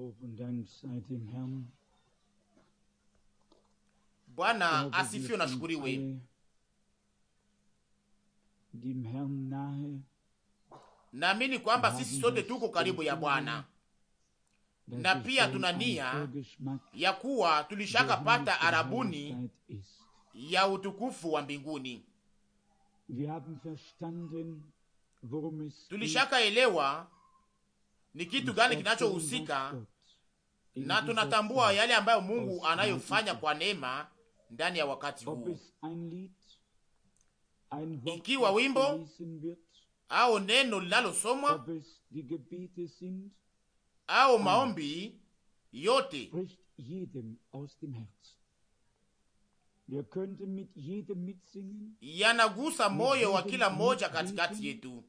Lob und Dank Bwana asifiwe na shukuriwe. Naamini kwamba sisi sote tuko karibu ya Bwana na pia tuna nia ya kuwa pata arabuni ya utukufu wa mbinguni. elewa ni kitu gani kinachohusika, na tunatambua yale ambayo Mungu anayofanya kwa neema ndani ya wakati huu, ikiwa wimbo au neno linalosomwa au maombi yote yanagusa moyo wa kila mmoja katikati yetu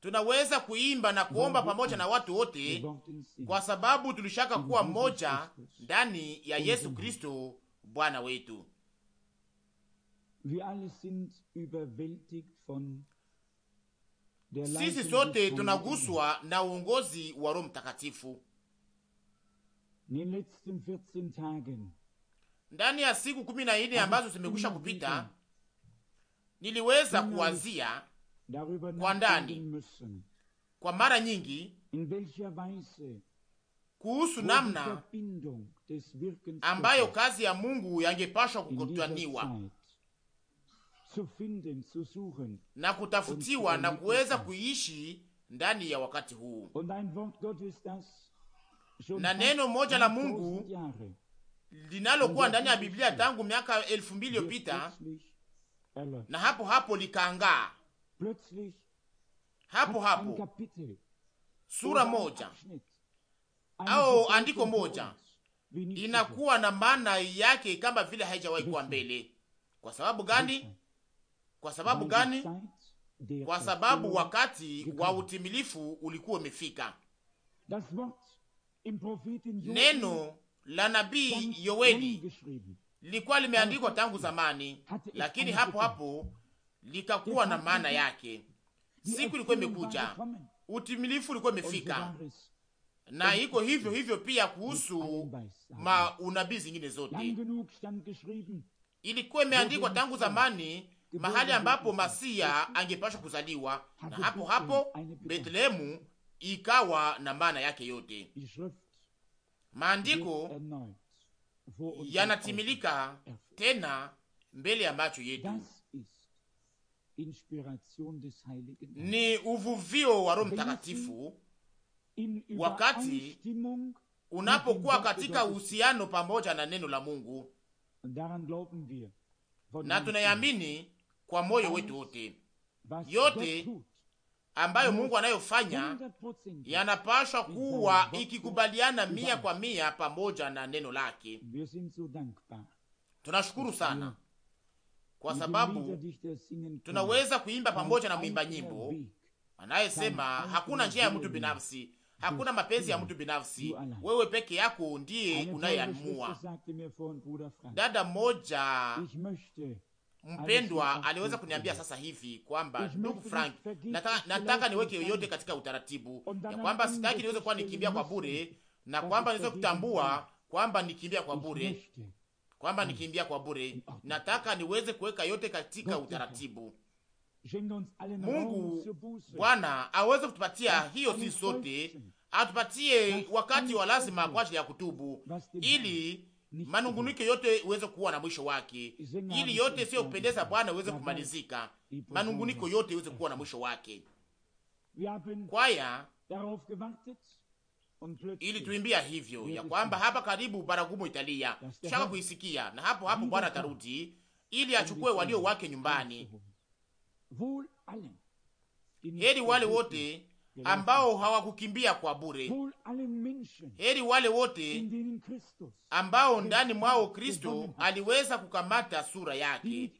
tunaweza kuimba na kuomba pamoja na watu wote, kwa sababu tulishaka kuwa mmoja ndani ya Yesu Kristo Bwana wetu. Sisi sote tunaguswa na uongozi wa Roho Mtakatifu. Ndani ya siku kumi na nne ambazo zimekwisha kupita, niliweza kuwazia kwa ndani kwa mara nyingi kuhusu namna ambayo kazi ya Mungu yangepashwa kukutaniwa na kutafutiwa na kuweza kuishi ndani ya wakati huu, na neno moja la Mungu linalokuwa ndani ya Biblia tangu miaka elfu mbili iliyopita na hapo hapo likaangaa hapo hapo sura moja au andiko moja inakuwa na maana yake kama vile haijawahi kuwa mbele. Kwa sababu gani? Kwa sababu gani? Kwa sababu wakati wa utimilifu ulikuwa umefika. Neno la nabii Yoeli lilikuwa limeandikwa tangu zamani, lakini hapo hapo litakuwa na maana yake. Siku ilikuwa imekuja, utimilifu ulikuwa imefika, na iko hivyo hivyo pia kuhusu unabii zingine zote. Ilikuwa imeandikwa tangu zamani mahali ambapo Masia angepashwa kuzaliwa, na hapo hapo Betlehemu ikawa na maana yake yote. Maandiko yanatimilika tena mbele ya macho yetu ni uvuvio wa Roho Mtakatifu. Wakati unapokuwa katika uhusiano pamoja na neno la Mungu, na tunayamini kwa moyo wetu wote, yote ambayo Mungu anayofanya yanapashwa kuwa ikikubaliana mia kwa mia pamoja na neno lake. Tunashukuru sana kwa sababu tunaweza kuimba pamoja na mwimba nyimbo anayesema hakuna njia ya mtu binafsi, hakuna mapenzi ya mtu binafsi, wewe peke yako ndiye unayeamua. Dada mmoja mpendwa aliweza kuniambia sasa hivi kwamba ndugu Frank, nataka, nataka niweke yoyote katika utaratibu ya kwamba sitaki niweze kuwa nikimbia kwa bure na kwamba niweze kutambua kwamba nikimbia kwa bure kwamba nikimbia kwa bure, nataka niweze kuweka yote katika utaratibu. Mungu Bwana aweze kutupatia hiyo sisi sote, atupatie wakati wa lazima kwa ajili ya kutubu, ili manunguniko yote iweze kuwa na mwisho wake, ili yote sio kupendeza Bwana iweze kumalizika, manunguniko yote iweze kuwa na mwisho wake. Kwaya ili tuimbia hivyo ya kwamba hapa karibu baragumu italia, shaka kuisikia, na hapo hapo Bwana atarudi ili achukue walio wake nyumbani. Heri wale wote ambao hawakukimbia kwa bure. Heri wale wote ambao ndani mwao Kristo aliweza kukamata sura yake,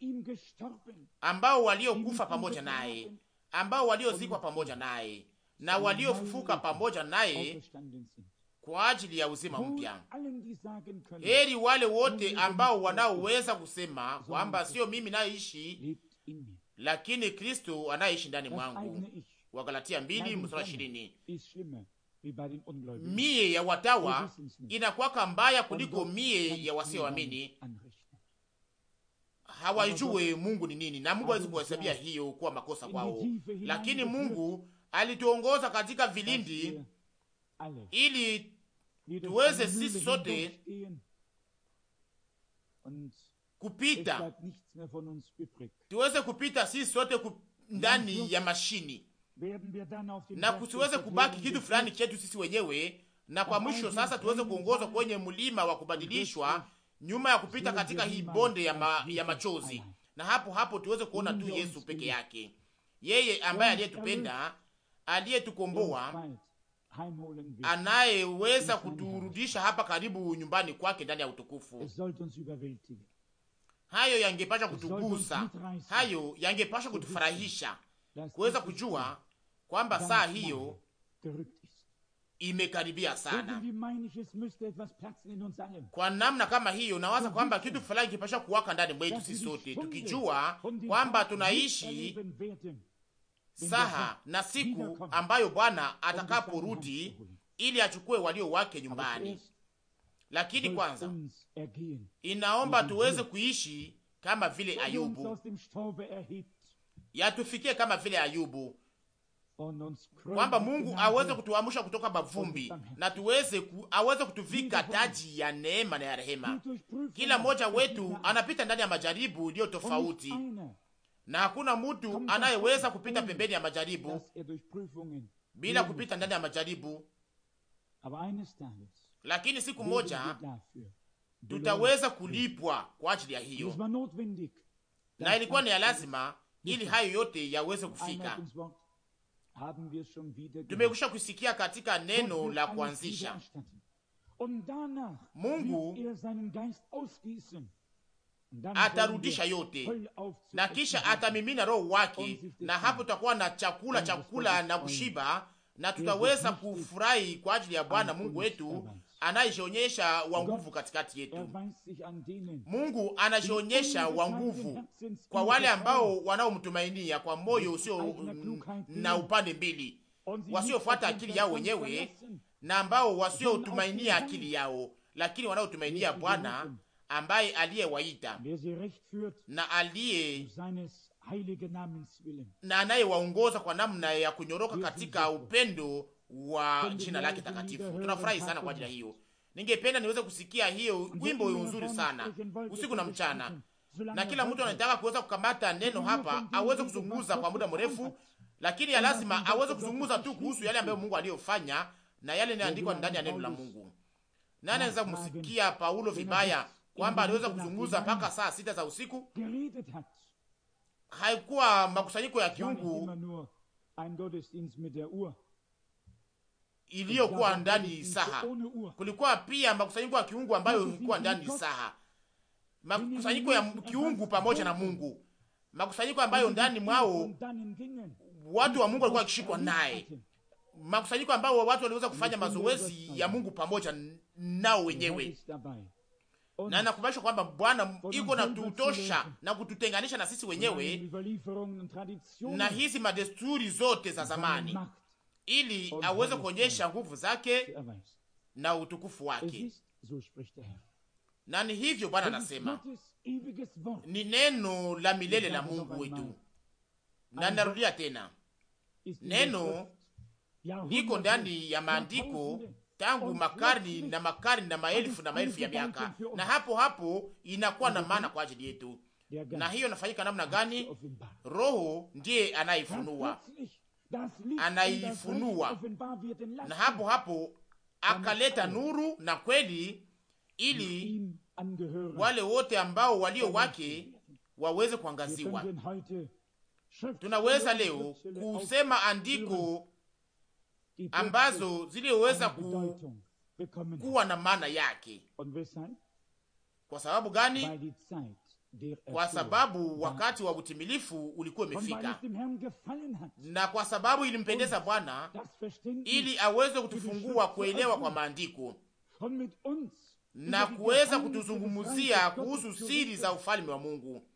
ambao waliokufa pamoja naye, ambao waliozikwa pamoja naye na waliofufuka pamoja naye kwa ajili ya uzima mpya. Heri wale wote ambao wanaoweza kusema kwamba sio mimi nayeishi, lakini Kristo anayeishi ndani mwangu. Wagalatia mbili mstari ishirini. Mie ya watawa inakwaka mbaya kuliko mie ya wasioamini hawajue Mungu ni nini, na Mungu hawezi kuhesabia hiyo kuwa makosa kwao, lakini Mungu alituongoza katika vilindi ili tuweze sisi sote kupita tuweze kupita sisi sote ndani ya mashini na kusiweze kubaki kitu fulani chetu sisi wenyewe. Na kwa mwisho sasa, tuweze kuongozwa kwenye mlima wa kubadilishwa nyuma ya kupita katika hii bonde ya, ma, ya machozi, na hapo hapo tuweze kuona tu Yesu peke yake, yeye ambaye aliyetupenda er aliyetukomboa anayeweza kuturudisha hapa karibu nyumbani kwake ndani ya utukufu. Hayo yangepasha kutugusa, hayo yangepasha kutufurahisha kuweza kujua kwamba saa hiyo imekaribia sana. Kwa namna kama hiyo, nawaza kwamba kitu fulani kipasha kuwaka ndani mwetu sisi sote, tukijua kwamba tunaishi saha na siku ambayo Bwana atakaporudi ili achukue walio wake nyumbani. Lakini kwanza inaomba tuweze kuishi kama vile Ayubu, yatufikie kama vile Ayubu, kwamba Mungu aweze kutuamsha kutoka mavumbi na tuweze ku, aweze kutuvika taji ya neema na ya rehema. Kila mmoja wetu anapita ndani ya majaribu iliyo tofauti na hakuna mtu anayeweza kupita pembeni ya majaribu bila kupita ndani ya majaribu. Lakini siku moja tutaweza kulipwa kwa ajili ya hiyo, na ilikuwa ni ya lazima ili hayo yote yaweze kufika. Tumekwisha kusikia katika neno la kuanzisha Mungu atarudisha yote, na kisha atamimina roho wake, na hapo tutakuwa na chakula chakula na kushiba, na tutaweza kufurahi kwa ajili ya Bwana Mungu wetu anayejionyesha wa nguvu katikati yetu. Mungu anajionyesha wa nguvu kwa wale ambao wanaomtumainia kwa moyo usio mm, na upande mbili, wasiofuata akili yao wenyewe na ambao wasiotumainia akili yao, lakini wanaotumainia Bwana ambaye aliyewaita na aliye na anayewaongoza kwa namna ya kunyoroka katika upendo wa jina lake takatifu. Tunafurahi sana kwa ajili ya hiyo. Ningependa niweze kusikia hiyo wimbo nzuri sana usiku na mchana, na kila mtu anataka kuweza kukamata neno hapa aweze kuzungumza kwa muda mrefu, lakini ya lazima aweze kuzungumza tu kuhusu yale ambayo Mungu aliyofanya na yale yanayoandikwa ndani ya neno la Mungu. Nani anaweza kumsikia Paulo vibaya kwamba aliweza kuzungumza mpaka saa sita za usiku. Haikuwa makusanyiko ya kiungu iliyokuwa ndani saha, kulikuwa pia makusanyiko ya kiungu ambayo ilikuwa ndani saha, makusanyiko ya kiungu pamoja na Mungu, makusanyiko ambayo ndani mwao watu wa Mungu walikuwa wakishikwa naye, makusanyiko ambao watu waliweza kufanya mazoezi ya Mungu pamoja nao wenyewe na nakubalisha kwamba Bwana iko na tutosha na kututenganisha na sisi wenyewe na hizi madesturi zote za zamani, ili aweze kuonyesha nguvu zake na utukufu wake. Na ni hivyo Bwana anasema, ni neno la milele la Mungu wetu. Na narudia tena, neno liko ndani ya maandiko tangu makarni na makarni na maelfu na maelfu ya miaka, na hapo hapo inakuwa na maana kwa ajili yetu. Na hiyo inafanyika namna gani? Roho ndiye anaifunua, anaifunua, na hapo hapo akaleta nuru na kweli, ili wale wote ambao walio wake waweze kuangaziwa. Tunaweza leo kusema andiko ambazo ziliweza ku, kuwa na maana yake. Kwa sababu gani? Kwa sababu wakati wa utimilifu ulikuwa umefika, na kwa sababu ilimpendeza Bwana ili aweze kutufungua kuelewa kwa maandiko na kuweza kutuzungumzia kuhusu siri za ufalme wa Mungu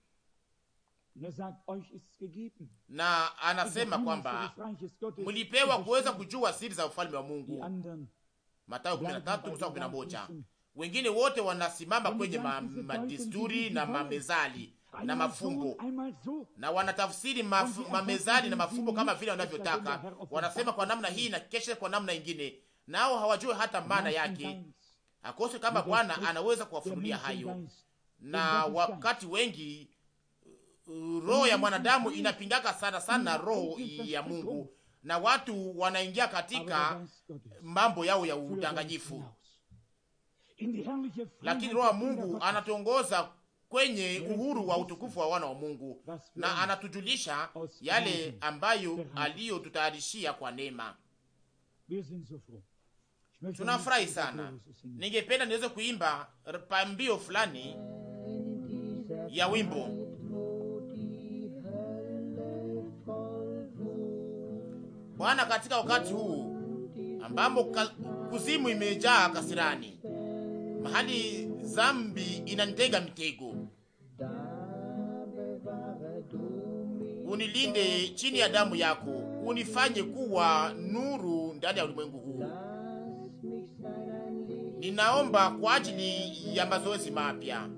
na anasema kwamba mlipewa kuweza kujua siri za ufalme wa Mungu, Mathayo 13:11. Wengine wote wanasimama kwenye ma, madisturi na mamezali na mafumbo na wanatafsiri mamezali na mafumbo kama vile wanavyotaka. Wanasema kwa namna hii na kesha kwa namna ingine, nao hawajue hata maana yake, akose kama Bwana anaweza kuwafunulia hayo. Na wakati wengi roho ya mwanadamu inapingaka sana sana roho ya Mungu, na watu wanaingia katika mambo yao ya udanganyifu, lakini roho ya Mungu anatongoza kwenye uhuru wa utukufu wa wana wa Mungu, na anatujulisha yale ambayo aliyotutayarishia kwa neema. Tunafurahi sana. Ningependa niweze kuimba pambio fulani ya wimbo Bwana katika wakati huu ambamo kuzimu imejaa kasirani, mahali zambi inanitega mitego, unilinde chini ya damu yako, unifanye kuwa nuru ndani ya ulimwengu huu. Ninaomba kwa ajili ya mazoezi mapya,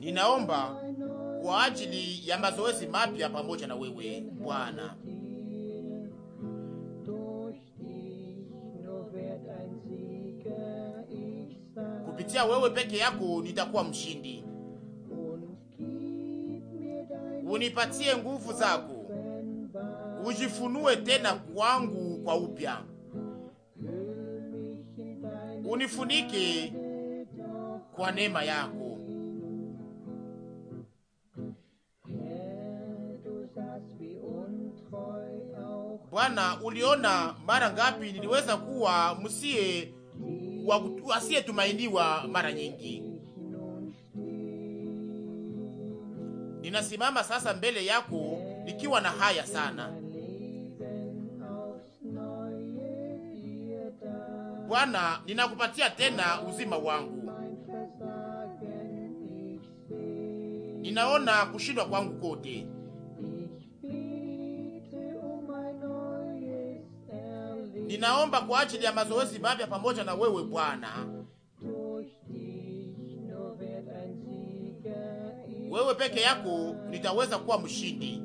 ninaomba kwa ajili ya mazoezi mapya pamoja na wewe Bwana. Kupitia wewe peke yako nitakuwa mshindi. Unipatie nguvu zako, ujifunue tena kwangu kwa upya, unifunike kwa neema yako. maana uliona mara ngapi niliweza kuwa msiye asiyetumainiwa mara nyingi. Ninasimama sasa mbele yako nikiwa na haya sana Bwana, ninakupatia tena uzima wangu. Ninaona kushindwa kwangu kote Ninaomba kwa ajili ya mazoezi mapya pamoja na wewe Bwana. Wewe peke yako nitaweza kuwa mshindi.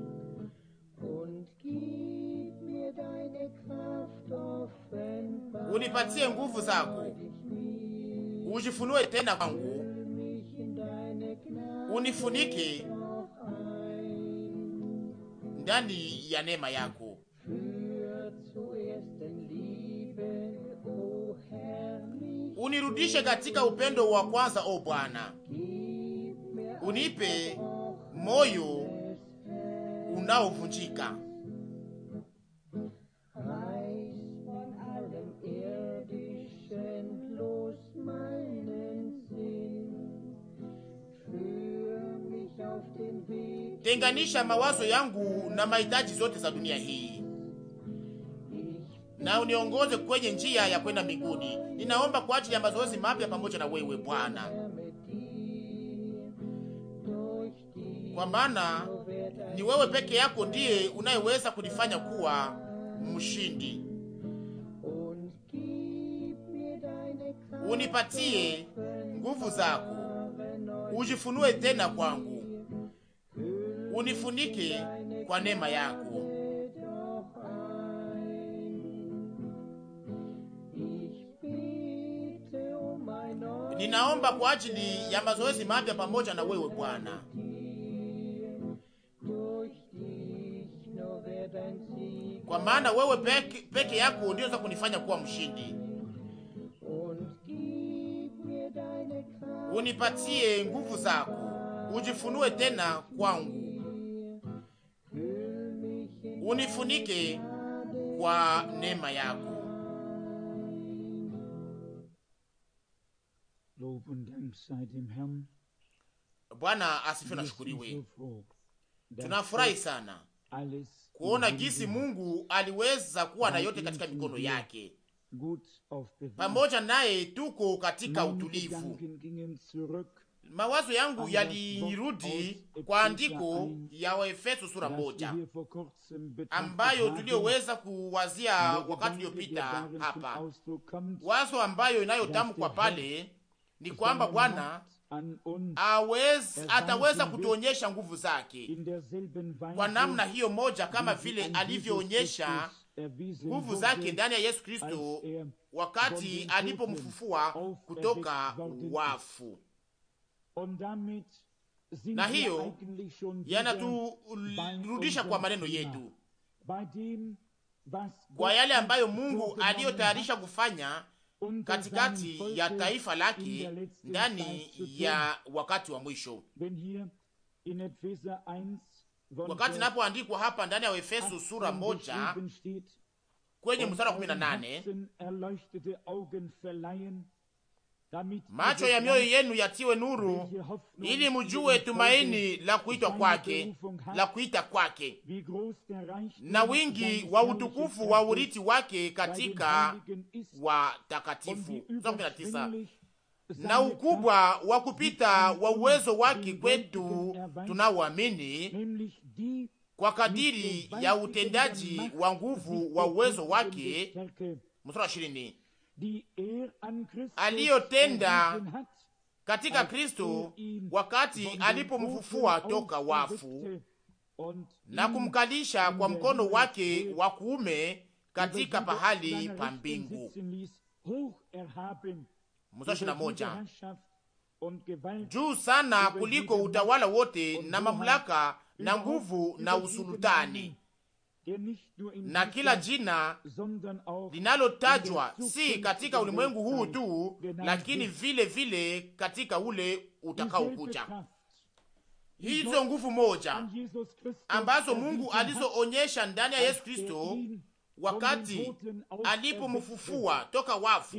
Unipatie nguvu zako, ujifunue tena kwangu, unifunike ndani ya neema yako. unirudishe katika upendo wa kwanza, o Bwana, unipe moyo unaovunjika tenganisha mawazo yangu na mahitaji zote za dunia hii na uniongoze kwenye njia ya kwenda mbinguni. Ninaomba kwa ajili ya mazoezi mapya pamoja na wewe Bwana, kwa maana ni wewe peke yako ndiye unayeweza kunifanya kuwa mshindi. Unipatie nguvu zako, ujifunue tena kwangu, unifunike kwa neema yako. Ninaomba kwa ajili ya mazoezi mapya pamoja na wewe Bwana, kwa maana wewe peke, peke yako ndio unaweza kunifanya kuwa mshindi. Unipatie nguvu zako, ujifunue tena kwangu, unifunike kwa neema yako. Bwana asifiwe na shukuriwe. Tunafurahi sana kuona jinsi Mungu aliweza kuwa na yote katika mikono yake. Pamoja naye tuko katika utulivu. Mawazo yangu yalirudi kwa andiko ya Waefeso sura moja ambayo tuliyoweza kuwazia wakati uliopita hapa, wazo ambayo inayotamkwa pale ni kwamba Bwana ataweza kutuonyesha nguvu zake kwa namna hiyo moja, kama vile alivyoonyesha nguvu zake ndani ya Yesu Kristo wakati alipomfufua kutoka wafu. Na hiyo yanaturudisha kwa maneno yetu, kwa yale ambayo Mungu aliyotayarisha kufanya katikati ya taifa lake ndani ya wakati wa mwisho. Wakati inapoandikwa hapa ndani ya Efeso sura moja kwenye mstari wa kumi na nane macho ya mioyo yenu yatiwe nuru, ili mjue tumaini la kuitwa kwake, la kuita kwake, na wingi wa utukufu wa urithi wake katika watakatifu. Na ukubwa wa kupita wa uwezo wake kwetu tunaoamini, kwa kadiri ya utendaji wa nguvu wa uwezo wake. Mstari wa ishirini aliyotenda katika Kristo er wakati alipomfufua toka wafu na kumkalisha kwa mkono wake wa kuume katika pahali pa mbingu. Juu sana kuliko utawala wote na mamlaka na nguvu na usultani na kila jina linalotajwa si katika ulimwengu huu tu, lakini vile vile katika ule utakaokuja. Hizo nguvu moja ambazo Mungu alizoonyesha ndani ya er Yesu Kristo wakati alipomfufua toka wafu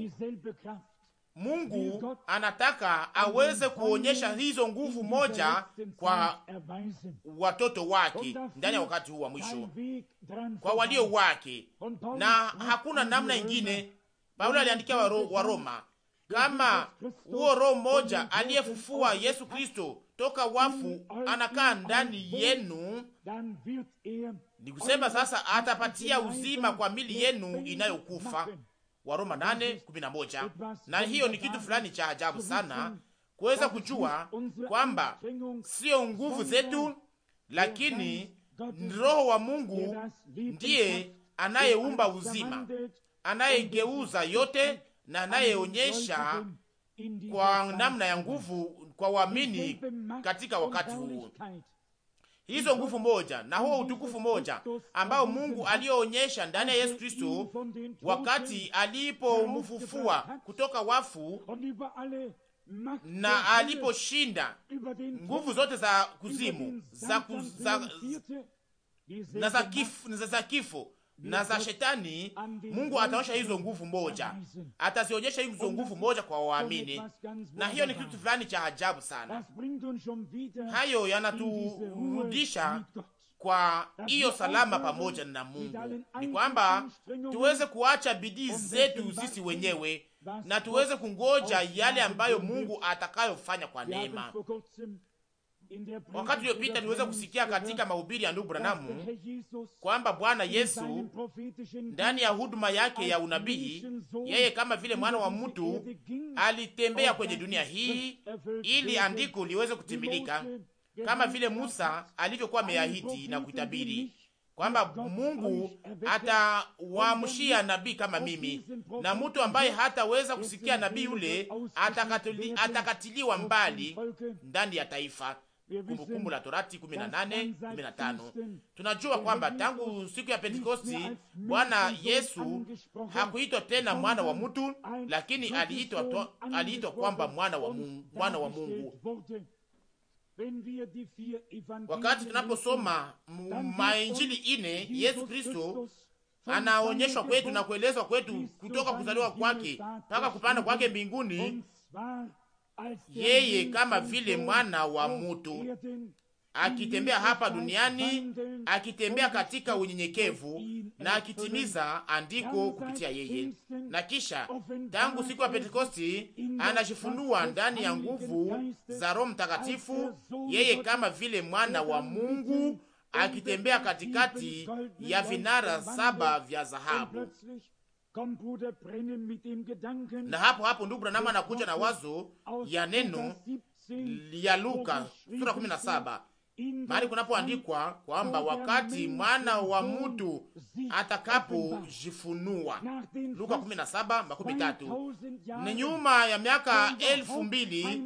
Mungu anataka aweze kuonyesha hizo nguvu moja kwa watoto wake ndani ya wakati huu wa mwisho, kwa walio wake, na hakuna namna ingine. Paulo aliandikia wa, ro, wa Roma kama huo roho mmoja aliyefufua Yesu Kristo toka wafu anakaa ndani yenu, ni kusema sasa atapatia uzima kwa mili yenu inayokufa Waroma nane kumi na moja. Na hiyo ni kitu fulani cha ajabu sana kuweza kujua kwamba sio nguvu zetu, lakini Roho wa Mungu ndiye anayeumba uzima, anayegeuza yote na anayeonyesha kwa namna ya nguvu kwa waamini katika wakati huu hizo nguvu moja na huo utukufu moja ambao Mungu alioonyesha ndani ya Yesu Kristo wakati alipomfufua kutoka wafu na aliposhinda nguvu zote za kuzimu za, ku, za, na za kifo na za shetani, Mungu ataonyesha hizo nguvu moja, atazionyesha hizo nguvu moja kwa waamini, na hiyo ni kitu fulani cha ajabu sana. Hayo yanaturudisha kwa hiyo salama pamoja na Mungu, ni kwamba tuweze kuacha bidii zetu sisi wenyewe na tuweze kungoja yale ambayo Mungu atakayofanya kwa neema. Wakati uliopita niweza kusikia katika mahubiri ya ndugu Branamu kwamba Bwana Yesu ndani ya huduma yake ya unabii, yeye kama vile mwana wa mtu alitembea kwenye dunia hii ili andiko liweze kutimilika, kama vile Musa alivyokuwa ameahidi na kuitabiri kwamba Mungu atawamshia nabii kama mimi, na mtu ambaye hataweza kusikia nabii yule atakatiliwa mbali ndani ya taifa. Kumbukumbu la Torati 18 15. Tunajua kwamba tangu siku ya Pentekosti Bwana Yesu hakuitwa tena mwana wa mtu, lakini aliitwa aliitwa kwamba mwana wa Mungu, mwana wa Mungu. Wakati tunaposoma mainjili ine, Yesu Kristo anaonyeshwa kwetu na kuelezwa kwetu kutoka kuzaliwa kwake mpaka kupanda kwake mbinguni yeye kama vile mwana wa mutu akitembea hapa duniani, akitembea katika unyenyekevu na akitimiza andiko kupitia yeye. Na kisha tangu siku ya Pentekosti anajifunua ndani ya nguvu za Roho Mtakatifu, yeye kama vile mwana wa Mungu akitembea katikati ya vinara saba vya dhahabu. Na hapo hapo ndugu Branham anakuja na wazo ya neno ya Luka sura saba mahali kunapoandikwa kwamba wakati mwana wa mtu atakapojifunua, Luka 17:13. Ni nyuma ya miaka elfu mbili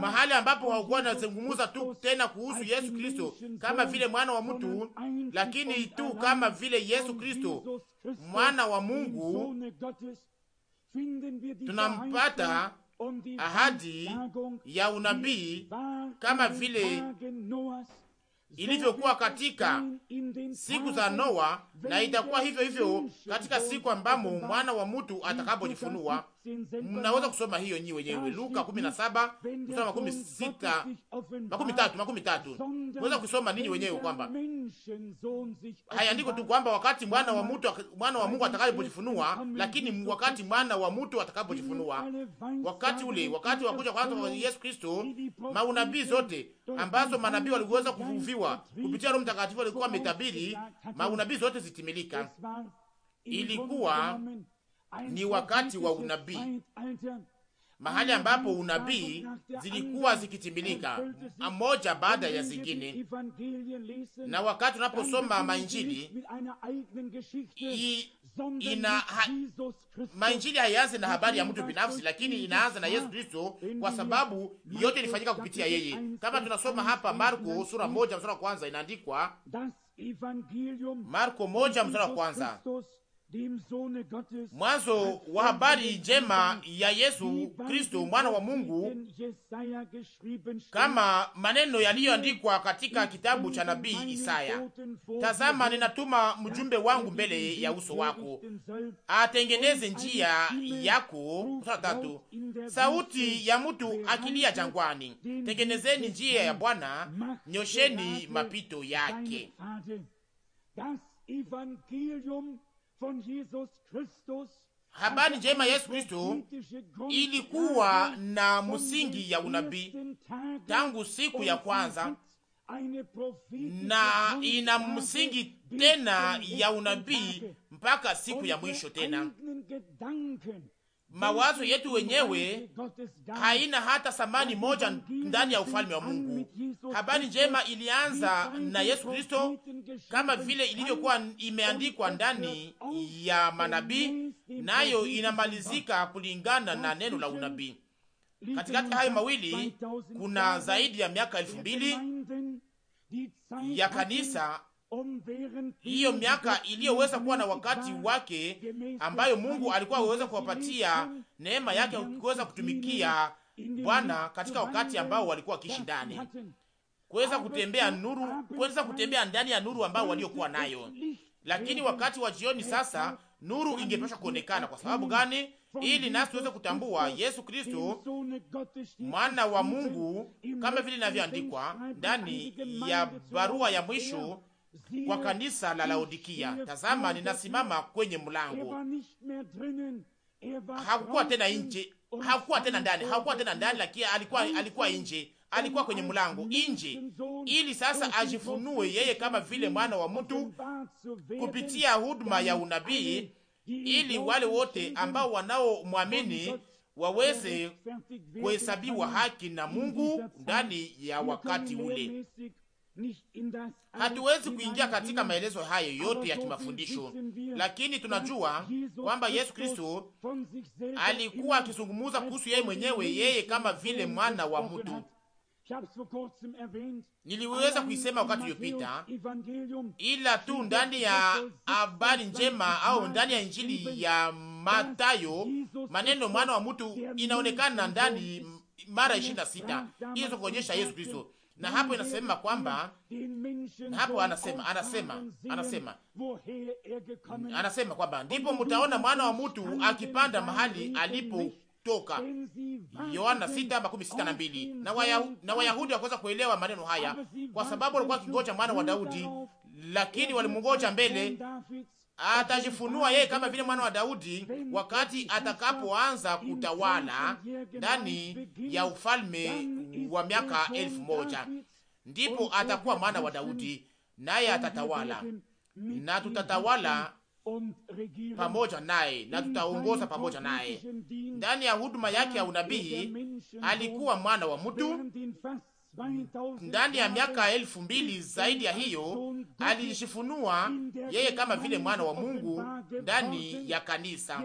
mahali ambapo haukuwa nazungumuza tu tena kuhusu Yesu Kristo kama vile mwana wa mtu, lakini tu kama vile Yesu Kristo mwana wa Mungu tunampata ahadi ya unabii kama vile ilivyokuwa katika siku za Noa, na itakuwa hivyo hivyo katika siku ambamo mwana wa mtu atakapojifunua mnaweza kusoma hiyo nyi wenyewe, Luka 17 kusoma 16 makumi tatu makumi tatu. Mnaweza kusoma ninyi wenyewe kwamba hayaandiko tu kwamba wakati mwana wa mtu mwana wa Mungu atakapojifunua, lakini wakati mwana wa mtu atakapojifunua, wakati ule, wakati wa kuja kwanza kwa Yesu Kristo, maunabii zote ambazo manabii waliweza kuvuviwa kupitia Roho Mtakatifu, walikuwa wametabiri, maunabii zote zitimilika, ilikuwa ni wakati wa unabii, mahali ambapo unabii zilikuwa zikitimilika moja baada ya zingine. Na wakati unaposoma mainjili ina ha, mainjili haianze na habari ya mtu binafsi, lakini inaanza na Yesu Kristo, kwa sababu yote ilifanyika kupitia yeye. Kama tunasoma hapa Marko sura moja mstari wa kwanza, inaandikwa Marko moja mstari wa kwanza mwanzo wa habari njema ya Yesu Kristo mwana wa Mungu, kama maneno yaliyoandikwa katika kitabu cha nabii Isaya: tazama, ninatuma mjumbe wangu mbele ya uso wako, atengeneze njia yako. Tatu, sauti ya mtu akilia jangwani, tengenezeni njia ya Bwana, nyosheni mapito yake. Habari njema Yesu Kristo ilikuwa na msingi ya unabii tangu siku ya kwanza na ina msingi tena ya unabii mpaka siku ya mwisho tena mawazo yetu wenyewe haina hata thamani moja ndani ya ufalme wa Mungu. Habari njema ilianza na Yesu Kristo kama vile ilivyokuwa imeandikwa ndani ya manabii, nayo inamalizika kulingana na neno la unabii. Katikati hayo mawili kuna zaidi ya miaka elfu mbili ya kanisa hiyo miaka iliyoweza kuwa na wakati wake ambayo Mungu alikuwa aweza kuwapatia neema yake kuweza kutumikia Bwana katika wakati ambao walikuwa wakiishi ndani, kuweza kutembea nuru, kuweza kutembea ndani ya nuru ambao waliokuwa nayo. Lakini wakati wa jioni sasa nuru ingepashwa kuonekana. Kwa sababu gani? Ili nasi tuweze kutambua Yesu Kristo mwana wa Mungu, kama vile inavyoandikwa ndani ya barua ya mwisho kwa kanisa la Laodikia. Tazama, ninasimama kwenye mlango. Er hakukuwa tena nje, hakukuwa tena ndani, hakukuwa tena ndani, lakini alikuwa alikuwa nje, alikuwa kwenye mlango nje, ili sasa ajifunue yeye kama vile mwana wa mtu kupitia huduma ya unabii, ili wale wote ambao wanaomwamini waweze kuhesabiwa haki na Mungu ndani ya wakati ule. Hatuwezi kuingia katika maelezo hayo yote ya kimafundisho, lakini tunajua kwamba Yesu Kristo alikuwa akizungumuza kuhusu yeye mwenyewe, yeye kama vile mwana wa mtu. Niliweza kuisema wakati uliopita, ila tu ndani ya habari njema au ndani ya injili ya Matayo maneno mwana wa mtu inaonekana ndani mara ishirini na sita hizo kuonyesha Yesu Kristo na hapo inasema kwamba na hapo anasema anasema anasema anasema kwamba ndipo mtaona mwana wa mtu akipanda mahali alipotoka, Yohana 6:62. Na Wayahudi na Wayahudi wakaweza kuelewa maneno haya, kwa sababu walikuwa wakingoja mwana wa Daudi, lakini walimngoja mbele atajifunua yeye kama vile mwana wa Daudi wakati atakapoanza kutawala ndani ya ufalme wa miaka elfu moja ndipo atakuwa mwana wa Daudi, naye atatawala na tutatawala pamoja naye na tutaongoza pamoja naye. Ndani ya huduma yake ya unabii alikuwa mwana wa mtu ndani ya miaka elfu mbili zaidi ya hiyo alijifunua yeye kama vile mwana wa Mungu ndani ya kanisa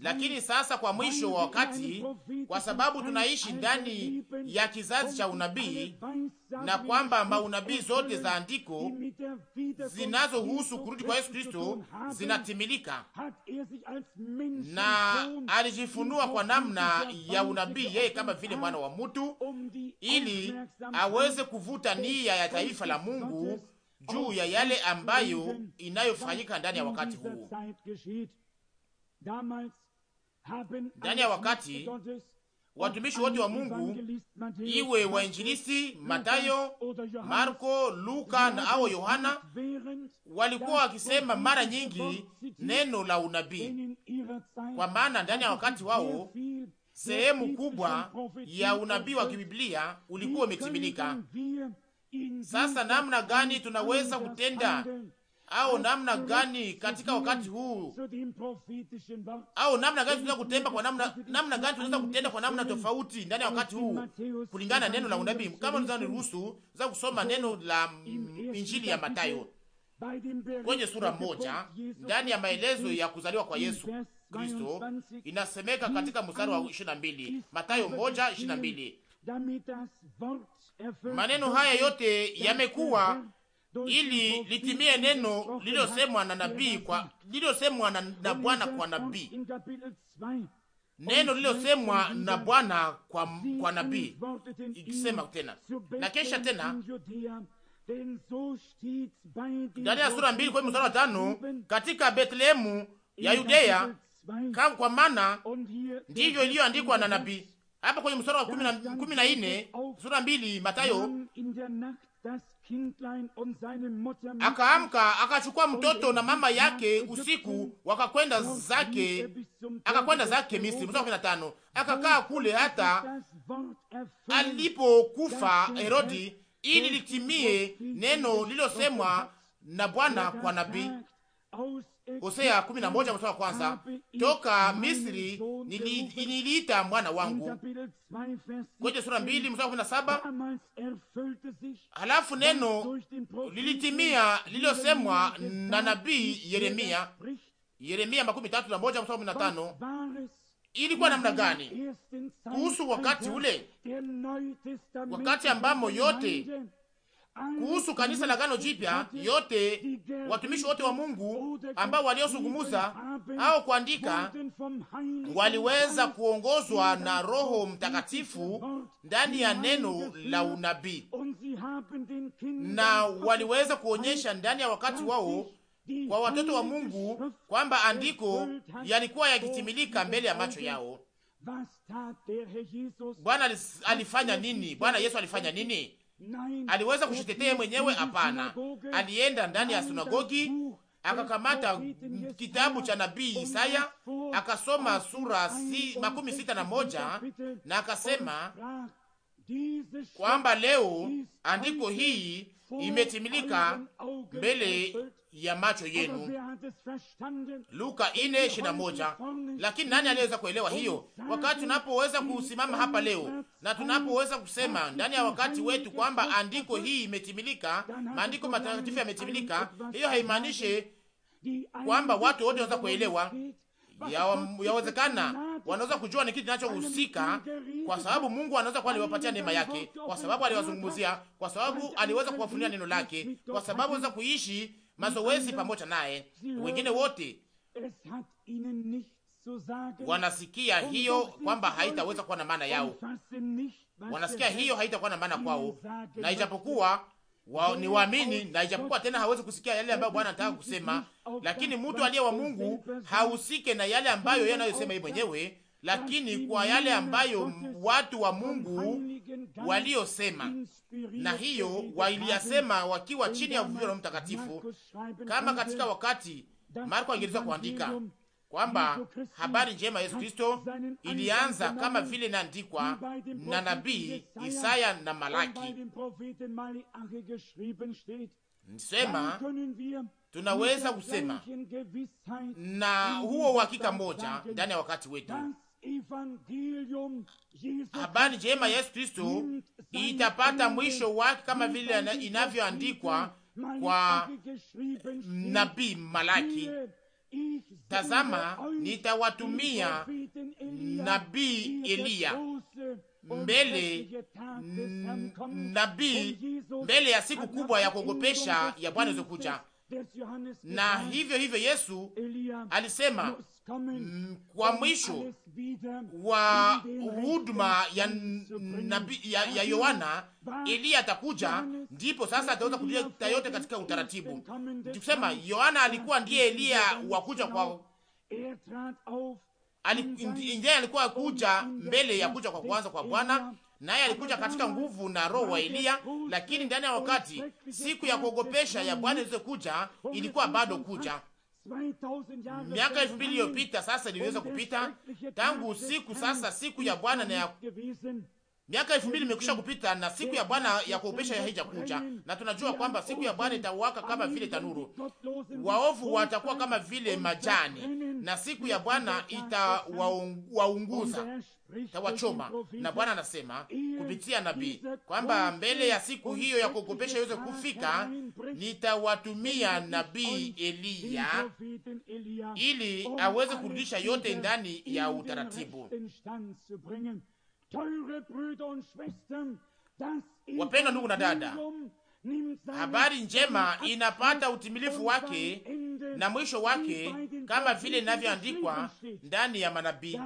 lakini sasa kwa mwisho wa wakati, kwa sababu tunaishi ndani ya kizazi cha unabii, na kwamba maunabii zote za andiko zinazohusu kurudi kwa Yesu Kristo zinatimilika, na alijifunua kwa namna ya unabii yeye kama vile mwana wa mtu, ili aweze kuvuta nia ya taifa la Mungu juu ya yale ambayo inayofanyika ndani ya wakati huu ndani ya wakati watumishi wote wa Mungu iwe wainjilisi Matayo, Marko, Luka na ao Yohana walikuwa wakisema mara nyingi neno la unabii, kwa maana ndani ya wakati wao sehemu kubwa ya unabii wa kibiblia ulikuwa umetimilika. Sasa namna gani tunaweza kutenda au namna gani katika wakati huu, au namna gani tunaweza kutenda kwa namna namna gani tunaweza kutenda kwa namna tofauti ndani ya wakati huu kulingana na neno la unabii. Kama unaweza niruhusu, za kusoma neno la Injili ya Mathayo kwenye sura moja ndani ya maelezo ya kuzaliwa kwa Yesu Kristo, inasemeka katika mstari wa 22, Mathayo 1:22, maneno haya yote yamekuwa ili litimie neno lililosemwa na nabii kwa lililosemwa na, na Bwana kwa nabii, neno lililosemwa na Bwana kwa, kwa nabii ikisema tena na kesha tena ndani ya sura mbili kwa mstari wa tano katika Betlehemu ya Yudea, kama kwa maana ndivyo iliyoandikwa na nabii hapa kwenye mstari wa kumi na nne sura mbili Matayo Akaamka akachukua mtoto na mama yake usiku, wakakwenda zake, akakwenda zake Misri. Mstari kumi na tano. Akakaa kule hata alipokufa Herodi, ili litimie neno lilosemwa na Bwana er kwa nabii Hosea 11 mstari wa kwanza, toka Misri niliita mwana wangu. Kwenye sura mbili mstari wa saba halafu neno lilitimia lililosemwa na nabii Yeremia. Yeremia makumi tatu na moja mstari wa 15. Ilikuwa namna gani kuhusu wakati ule, wakati ambamo yote kuhusu kanisa la gano Jipya, yote watumishi wote wa Mungu ambao waliozungumuza au kuandika waliweza kuongozwa na Roho Mtakatifu ndani ya neno la unabii, na waliweza kuonyesha ndani ya wakati wao kwa watoto wa Mungu kwamba andiko yalikuwa yakitimilika mbele ya macho yao. Bwana alifanya nini? Bwana Yesu alifanya nini? Aliweza kujitetea mwenyewe? Hapana, alienda ndani ya sinagogi akakamata kitabu cha nabii Isaya akasoma sura si, makumi sita na moja na akasema kwamba leo andiko hii imetimilika mbele ya macho yenu. Luka ine ishirini na moja. Lakini nani aliyeweza kuelewa hiyo? Wakati tunapoweza kusimama hapa leo na tunapoweza kusema ndani ya wakati wetu kwamba andiko hii imetimilika, maandiko matakatifu yametimilika, hiyo haimaanishi kwamba watu wote wanaweza kuelewa. Yawezekana ya wanaweza kujua ni kitu kinachohusika, kwa sababu Mungu anaweza kuwa aliwapatia neema yake, kwa sababu aliwazungumzia, kwa sababu aliweza kuwafunia neno lake, kwa sababu anaweza kuishi mazoezi pamoja naye. Wengine wote wanasikia hiyo kwamba haitaweza kuwa na maana yao, wanasikia hiyo haitakuwa na maana kwao, na ijapokuwa wa, ni waamini na ijapokuwa tena hawezi kusikia yale ambayo Bwana anataka kusema, lakini mtu aliye wa Mungu hahusike na yale ambayo yeye anayosema yeye mwenyewe lakini kwa yale ambayo watu wa Mungu waliosema, na hiyo waliyasema wakiwa chini ya uvuvio wa Mtakatifu, kama katika wakati Marko angeweza kuandika kwamba habari njema Yesu Kristo ilianza kama vile inaandikwa na nabii Isaya na Malaki. Nisema tunaweza kusema na huo uhakika mmoja ndani ya wakati wetu habari njema Yesu Kristo itapata mwisho wake kama vile inavyoandikwa kwa nabii Malaki, tazama, nitawatumia nabii Eliya mbele nabii mbele ya siku kubwa ya kuogopesha ya Bwana zokuja Na hivyo hivyo Yesu alisema kwa mwisho wa huduma ya nabi, ya, ya Yohana, Eliya atakuja, ndipo sasa ataweza kuleta yote katika utaratibu. Tukisema Yohana alikuwa ndiye Eliya wa kuja kwa ndiye alikuwa kuja mbele ya kuja kwa kwanza kwa Bwana, naye alikuja katika nguvu na roho wa Eliya, lakini ndani ya wakati siku ya kuogopesha ya Bwana ilizokuja ilikuwa bado kuja miaka elfu mbili iliyopita sasa iliweza kupita tangu siku sasa, siku ya Bwana na ya Miaka elfu mbili imekwisha kupita na siku ya Bwana ya kuopesha kuja, na tunajua kwamba siku ya Bwana itawaka kama vile tanuru, waovu watakuwa kama vile majani, na siku ya Bwana itawaunguza, tawachoma Na Bwana anasema kupitia nabii kwamba mbele ya siku hiyo ya kuogopesha iweze kufika, nitawatumia nabii Eliya ili aweze kurudisha yote ndani ya utaratibu Wapendwa ndugu na dada, habari njema inapata utimilifu wake na mwisho wake kama vile inavyoandikwa ndani ya manabii.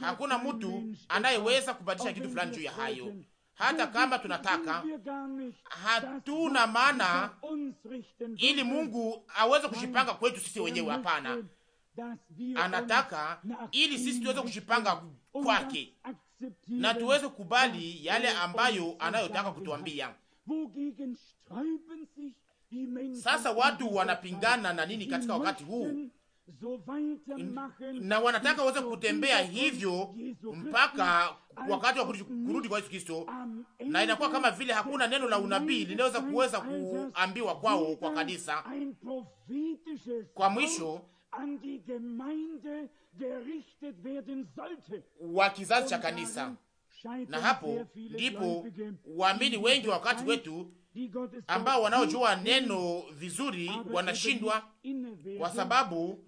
Hakuna mtu anayeweza kubadilisha kitu fulani juu ya hayo, hata kama tunataka. Hatuna maana ili Mungu aweze kushipanga kwetu sisi er wenyewe. Hapana, anataka ili sisi tuweze kushipanga kwake na tuweze kubali yale ambayo anayotaka kutuambia. Sasa watu wanapingana na nini katika wakati huu? na wanataka waweze kutembea hivyo mpaka wakati wa kurudi kwa Yesu Kristo, na inakuwa kama vile hakuna neno la unabii linaweza kuweza kuambiwa kwao kwa kanisa. Kwa mwisho, wa kizazi cha kanisa, na hapo ndipo waamini wengi wakati wetu ambao wanaojua neno vizuri wanashindwa kwa sababu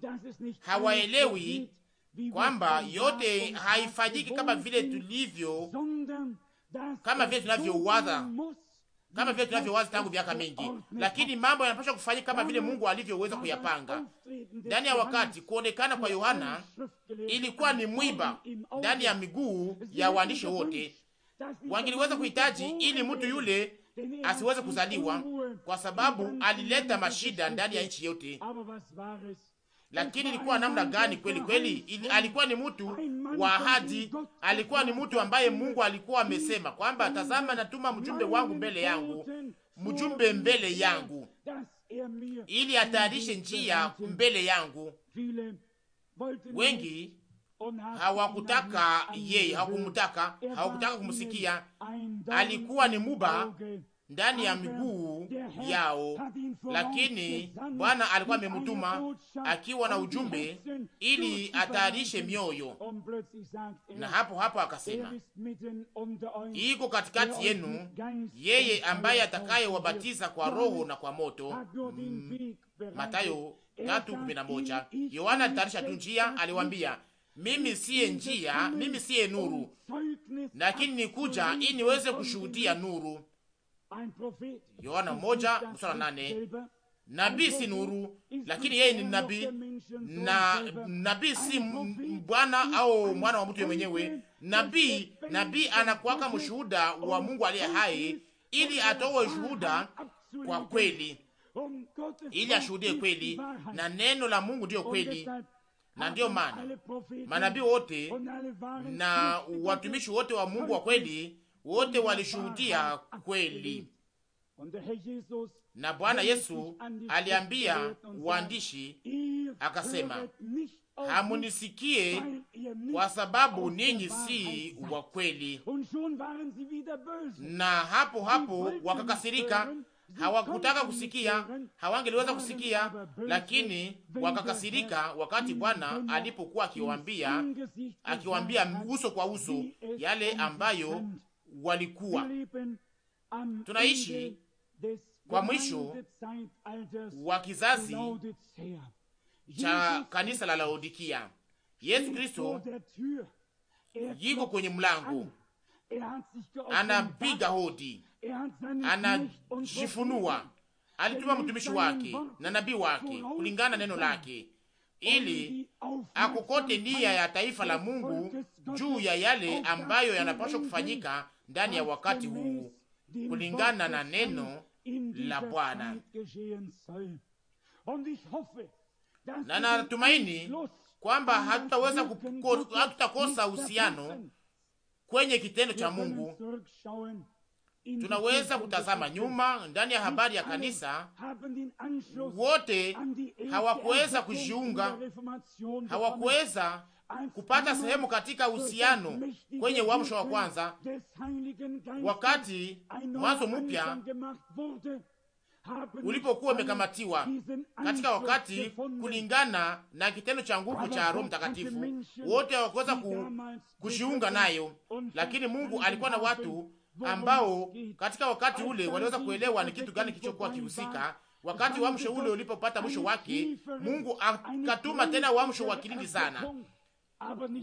hawaelewi kwamba yote haifanyiki kama vile tulivyo, kama vile tunavyowaza kama vile tunavyowazi tangu miaka mingi, lakini mambo yanapaswa kufanyika kama vile Mungu alivyoweza kuyapanga ndani ya wakati. Kuonekana kwa Yohana ilikuwa ni mwiba ndani ya miguu ya waandishi wote, wangeliweza kuhitaji ili mtu yule asiweze kuzaliwa, kwa sababu alileta mashida ndani ya nchi yote. Lakini ilikuwa namna gani kweli kweli? Alikuwa ni mtu wa ahadi, alikuwa ni mtu ambaye Mungu alikuwa amesema kwamba, tazama, natuma mjumbe wangu mbele yangu, mjumbe mbele yangu, ili atayarishe njia mbele yangu. Wengi hawakutaka yeye, hawakumtaka, hawakutaka kumsikia. Alikuwa ni muba ndani ya miguu yao, lakini Bwana alikuwa amemtuma akiwa na ujumbe ili atayarishe mioyo, na hapo hapo akasema, iko katikati yenu yeye ambaye atakayewabatiza kwa Roho na kwa moto. Mm, kumi na moja. Yohana alitayarisha tu njia, aliwambia mimi siye njia, mimi siye nuru, lakini nikuja ili niweze kushuhudia nuru Yohana moja mstari nane. Nabii si nuru, lakini yeye ni nabii na nabii si bwana au mwana wa mtu mwenyewe. Nabii nabii anakuwaka mshuhuda wa Mungu aliye hai, ili atoe shuhuda kwa kweli, ili ashuhudie kweli, na neno la Mungu ndiyo kweli. Na ndiyo maana manabii wote na watumishi wote wa Mungu wa kweli wote walishuhudia kweli, na Bwana Yesu aliambia waandishi akasema, hamunisikie kwa sababu ninyi si wa kweli. Na hapo hapo wakakasirika, hawakutaka kusikia, hawangeliweza kusikia, lakini wakakasirika wakati Bwana alipokuwa akiwaambia, akiwaambia uso kwa uso yale ambayo walikuwa. Um, Tunaishi kwa mwisho wa kizazi cha kanisa la Laodikia. Yesu Kristo yiko kwenye mlango, anapiga hodi, anajifunua. Alituma mtumishi wake na nabii wake kulingana neno lake, ili akokote nia ya taifa la Mungu juu ya yale ambayo yanapaswa kufanyika ndani ya wakati huu kulingana na neno la Bwana, na natumaini kwamba hatutaweza hatutakosa uhusiano kwenye kitendo cha Mungu. Tunaweza kutazama nyuma ndani ya habari ya kanisa, wote hawakuweza kujiunga, hawakuweza kupata sehemu katika uhusiano kwenye uamsho wa kwanza, wakati mwanzo mpya ulipokuwa umekamatiwa katika wakati, kulingana na kitendo cha nguvu cha Roho Mtakatifu. Wote hawakuweza ku, kushiunga nayo, lakini Mungu alikuwa na watu ambao katika wakati ule waliweza kuelewa ni kitu gani kilichokuwa kihusika. Wakati uamsho ule ulipopata mwisho wake, Mungu akatuma tena uamsho wa kilindi sana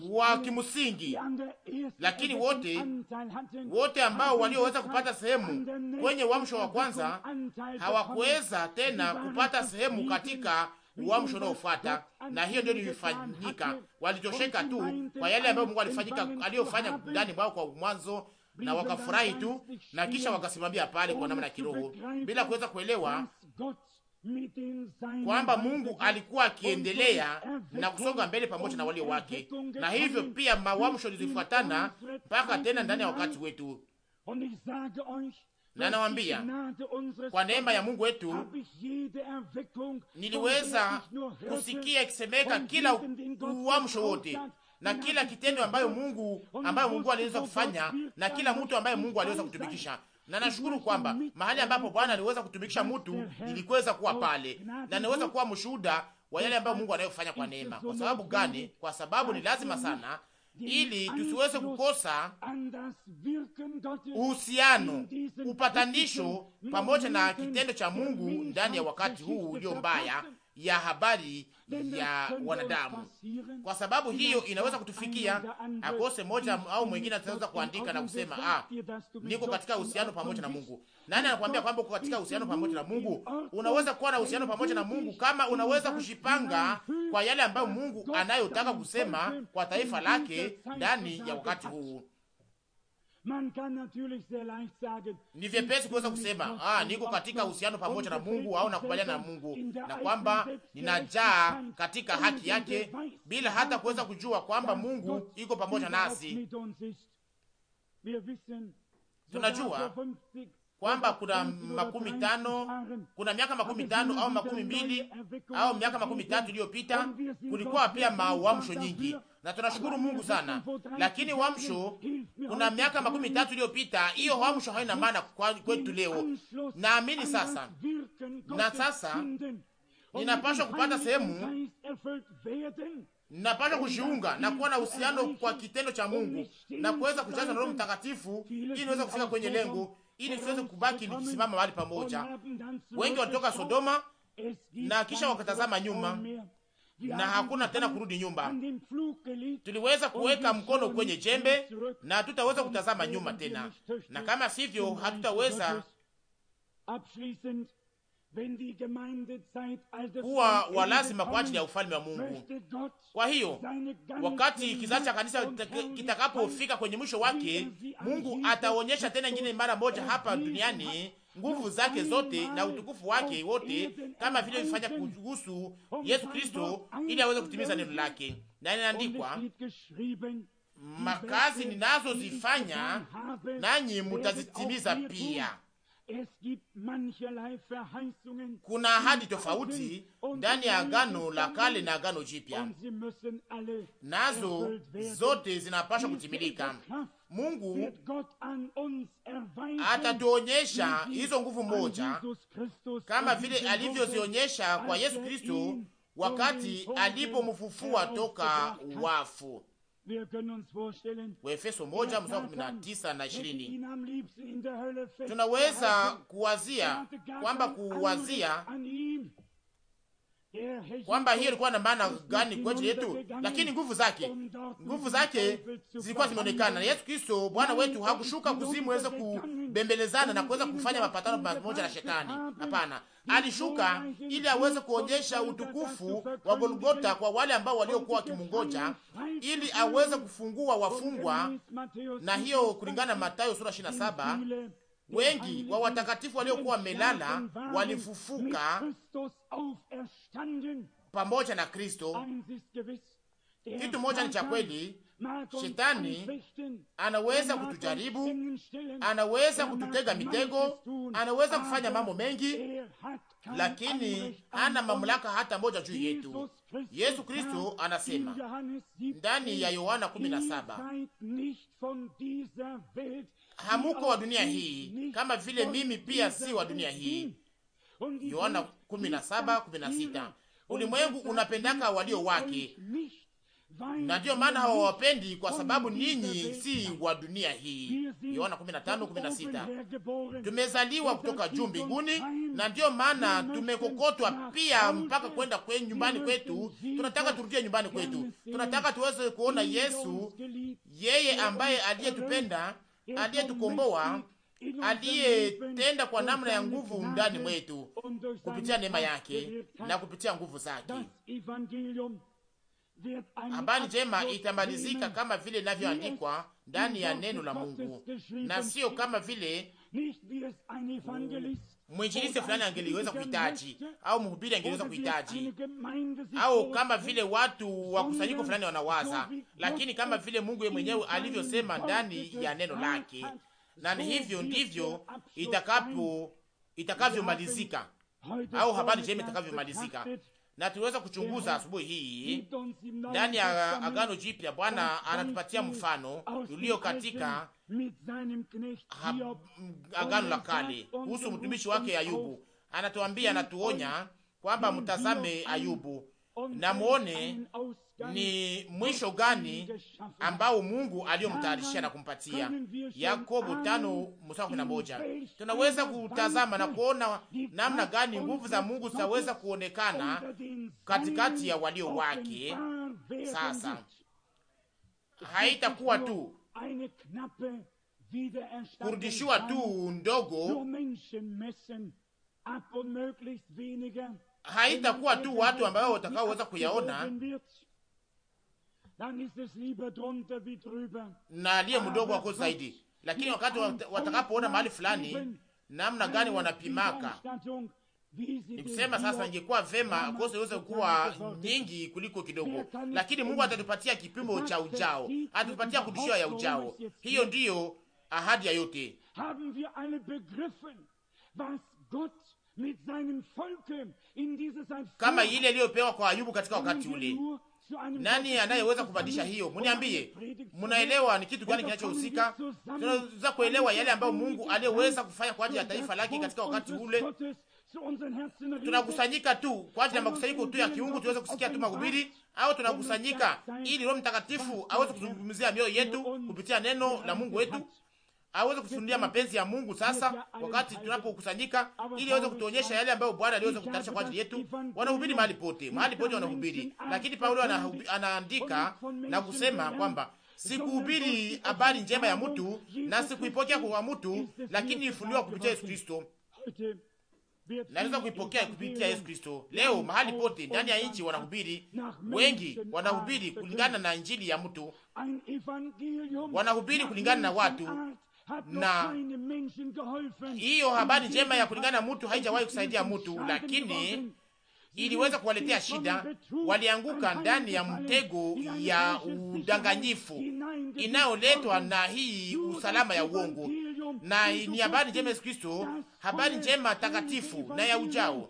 wa kimsingi, lakini wote wote ambao walioweza kupata sehemu kwenye uamsho wa kwanza hawakuweza tena kupata sehemu katika uamsho unaofuata, na hiyo ndio ilifanyika. Walitosheka tu kwa yale ambayo Mungu alifanyika aliyofanya ndani mwao kwa mwanzo, na wakafurahi tu, na kisha wakasimamia pale kwa namna ya kiroho bila kuweza kuelewa kwamba Mungu alikuwa akiendelea na kusonga mbele pamoja na wale wake, na hivyo pia mawamsho zilizofuatana mpaka tena ndani ya wakati wetu. Na nawambia kwa neema ya Mungu wetu niliweza kusikia ikisemeka kila uamsho wote na kila kitendo ambayo Mungu ambayo Mungu aliweza kufanya na kila mtu ambaye Mungu aliweza kutumikisha na nashukuru kwamba mahali ambapo Bwana aliweza kutumikisha mtu ilikuweza kuwa pale, na niweza kuwa mshuhuda wa yale ambayo Mungu anayofanya kwa neema. Kwa sababu gani? Kwa sababu ni lazima sana ili tusiweze kukosa uhusiano, upatanisho pamoja na kitendo cha Mungu ndani ya wakati huu ulio mbaya ya habari ya wanadamu, kwa sababu hiyo inaweza kutufikia akose moja au mwingine ataweza kuandika na kusema ah, niko katika uhusiano pamoja na Mungu. Nani anakuambia kwamba uko katika uhusiano pamoja na Mungu? Unaweza kuwa na uhusiano pamoja na Mungu kama unaweza kushipanga kwa yale ambayo Mungu anayotaka kusema kwa taifa lake ndani ya wakati huu. Ni vyepesi kuweza kusema ah, niko katika uhusiano pamoja na Mungu au nakubaliana na Mungu na kwamba ninajaa katika haki yake bila hata kuweza kujua kwamba Mungu iko pamoja nasi. Tunajua kwamba kuna makumi tano kuna miaka makumi tano au makumi mbili au miaka makumi tatu iliyopita kulikuwa pia mauamsho nyingi, na tunashukuru Mungu sana. Lakini wamsho kuna miaka makumi tatu iliyopita, hiyo wamsho haina maana kwetu leo. Naamini sasa, na sasa ninapaswa kupata sehemu, ninapaswa kujiunga na kuwa na uhusiano kwa kitendo cha Mungu na kuweza kujaza na Roho Mtakatifu ili niweze kufika kwenye lengo ili tuweze kubaki kusimama mahali pamoja. Wengi walitoka Sodoma na kisha wakatazama nyuma na hakuna tena kurudi nyumba. Tuliweza kuweka mkono kwenye jembe na hatutaweza kutazama nyuma tena, na kama sivyo hatutaweza kuwa wa lazima kwa ajili ya ufalme wa Mungu. Kwa hiyo wakati kizazi cha kanisa kitakapofika kwenye mwisho wake, Mungu ataonyesha tena nyingine mara moja hapa duniani nguvu zake zote na utukufu wake wote, kama vile alifanya kuhusu Yesu Kristo, ili aweze kutimiza neno lake. Na inaandikwa, makazi ninazozifanya nanyi mutazitimiza pia. Kuna ahadi tofauti ndani ya Agano la Kale na Agano Jipya, nazo zote zinapaswa kutimilika. Mungu atatuonyesha hizo nguvu moja kama vile alivyozionyesha kwa Yesu er Kristo wakati alipomfufua toka wafu. Waefeso moja mstari kumi na tisa na ishirini. Tunaweza kuwazia kwamba kuwazia kwamba hiyo ilikuwa na maana gani kwa yetu, lakini nguvu zake nguvu zake zilikuwa zimeonekana. Yesu Kristo Bwana wetu hakushuka kuzimu weze ku kubembelezana na kuweza kufanya mapatano pamoja na shetani. Hapana, alishuka ili aweze kuonyesha utukufu wa Golgota kwa wale ambao waliokuwa wakimungoja, ili aweze kufungua wafungwa, na hiyo kulingana na Mathayo sura 27 wengi wa watakatifu waliokuwa wamelala walifufuka pamoja na Kristo. Kitu moja ni cha kweli, Shetani anaweza kutujaribu, anaweza kututega mitego, anaweza kufanya mambo mengi, lakini hana mamlaka hata moja juu yetu. Yesu Kristo anasema ndani ya Yohana 17, hamuko wa dunia hii kama vile mimi pia si wa dunia hii. Yohana 17:16. Ulimwengu unapendaka walio wake na ndiyo maana hawawapendi kwa sababu ninyi si wa dunia hii. Yohana 15:16. Tumezaliwa kutoka juu mbinguni, na ndiyo maana tumekokotwa pia mpaka kwenda kwe nyumbani kwetu. Tunataka turudie nyumbani kwetu, tunataka tuweze kuona Yesu, yeye ambaye aliyetupenda, aliyetukomboa, aliyetenda kwa namna ya nguvu ndani mwetu kupitia neema yake na kupitia nguvu zake ambayo ni njema itamalizika kama vile inavyoandikwa ndani ya neno la Mungu, na sio kama vile mm, mwinjilisi fulani angeliweza kuhitaji au mhubiri angeliweza kuhitaji au kama vile watu wa kusanyiko fulani wanawaza, lakini kama vile Mungu yeye mwenyewe alivyosema ndani ya neno lake, na ni hivyo ndivyo itakapo itakavyomalizika au habari njema itakavyomalizika na tuliweza kuchunguza asubuhi hii ndani ya Agano Jipya. Bwana anatupatia mfano ulio katika Agano la Kale kuhusu mtumishi wake Ayubu. Anatuambia, anatuonya kwamba mtazame Ayubu na muone ni mwisho gani ambao Mungu aliyomtayarishia na kumpatia. Yakobo tano mstari kumi na moja. Tunaweza kutazama na kuona namna gani nguvu za Mungu zitaweza kuonekana katikati ya walio wake. Sasa haitakuwa tu kurudishiwa tu ndogo haitakuwa tu watu ambao watakaoweza kuyaona, na aliye mdogo wako zaidi. Lakini wakati watakapoona mahali fulani namna gani wanapimaka, nikusema sasa, ingekuwa vema koso iweze kuwa nyingi kuliko kidogo, lakini Mungu atatupatia kipimo cha ujao, atatupatia kudishiwa ya ujao. Hiyo ndiyo ahadi ya yote. Kama ile iliyopewa kwa Ayubu katika wakati ule nani anayeweza kubadilisha hiyo? Mniambie, mnaelewa ni kitu gani kinachohusika? Tunaweza kuelewa yale ambayo Mungu aliyeweza kufanya kwa ajili ya taifa lake katika wakati ule. Tunakusanyika tu kwa ajili ya makusanyiko tu ya kiungu, tuweze kusikia tu mahubiri, au tunakusanyika ili Roho Mtakatifu aweze kuzungumzia mioyo yetu kupitia neno la Mungu wetu? aweze kusunulia mapenzi ya Mungu sasa, wakati tunapokusanyika, ili aweze kutuonyesha yale ambayo Bwana aliweza kutarisha kwa ajili yetu. Wanahubiri mahali pote, mahali pote wanahubiri, lakini Paulo anaandika na kusema kwamba sikuhubiri habari njema ya mtu na sikuipokea kwa mtu, lakini ifunuliwa kupitia Yesu Kristo. Naweza kuipokea kupitia Yesu Kristo. Leo mahali pote ndani ya nchi wanahubiri, wengi wanahubiri kulingana na injili ya mtu, wanahubiri kulingana na watu, na hiyo habari njema ya kulingana na mtu haijawahi kusaidia mtu, lakini iliweza kuwaletea shida. Walianguka ndani ya mtego ya udanganyifu inayoletwa na hii usalama ya uongo, na ni habari njema Yesu Kristo, habari njema takatifu na ya ujao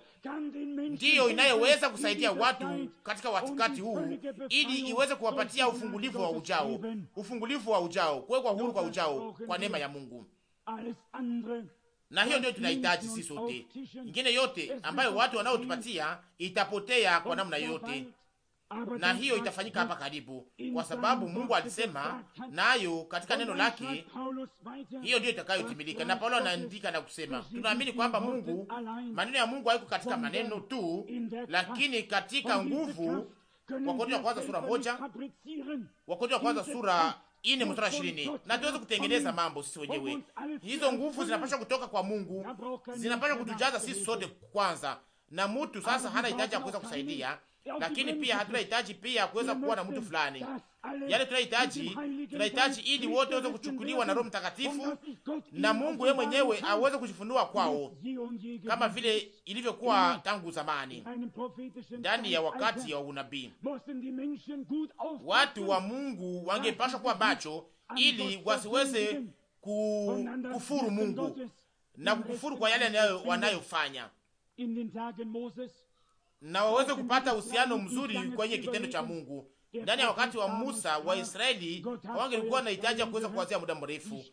ndiyo inayoweza kusaidia watu katika wakati huu, ili iweze kuwapatia ufungulivu wa ujao, ufungulivu wa ujao, kuwekwa huru kwa ujao kwa neema ya Mungu. Na hiyo ndiyo tunahitaji sisi sote. Ingine yote ambayo watu wanaotupatia itapotea kwa namna yote, na hiyo itafanyika hapa karibu, kwa sababu Mungu alisema nayo katika neno lake, hiyo ndiyo itakayotimilika. Na Paulo anaandika na kusema, tunaamini kwamba Mungu, maneno ya Mungu haiko katika maneno tu, lakini katika nguvu. Wakorintho wa kwanza sura moja, Wakorintho wa kwanza sura ine mstari ishirini. Na tuweze kutengeneza mambo sisi wenyewe. Hizo nguvu zinapaswa kutoka kwa Mungu, zinapaswa kutujaza sisi sote kwanza, na mtu sasa hana hitaji ya kuweza kusaidia lakini pia hatunahitaji pia kuweza kuwa na mtu fulani. Yale yaani tunahitaji, tunahitaji ili wote waweze kuchukuliwa na Roho Mtakatifu na Mungu yeye mwenyewe aweze kujifunua kwao, kama vile ilivyokuwa tangu zamani ndani ya wakati wa unabii. Watu wa Mungu wangepashwa kuwa macho ili wasiweze kufuru Mungu na kukufuru kwa yale wanayofanya na waweze kupata uhusiano mzuri kwenye kitendo cha Mungu. Ndani ya wakati wa Musa wa Israeli wangelikuwa na hitaji ya kuweza kuwazia muda mrefu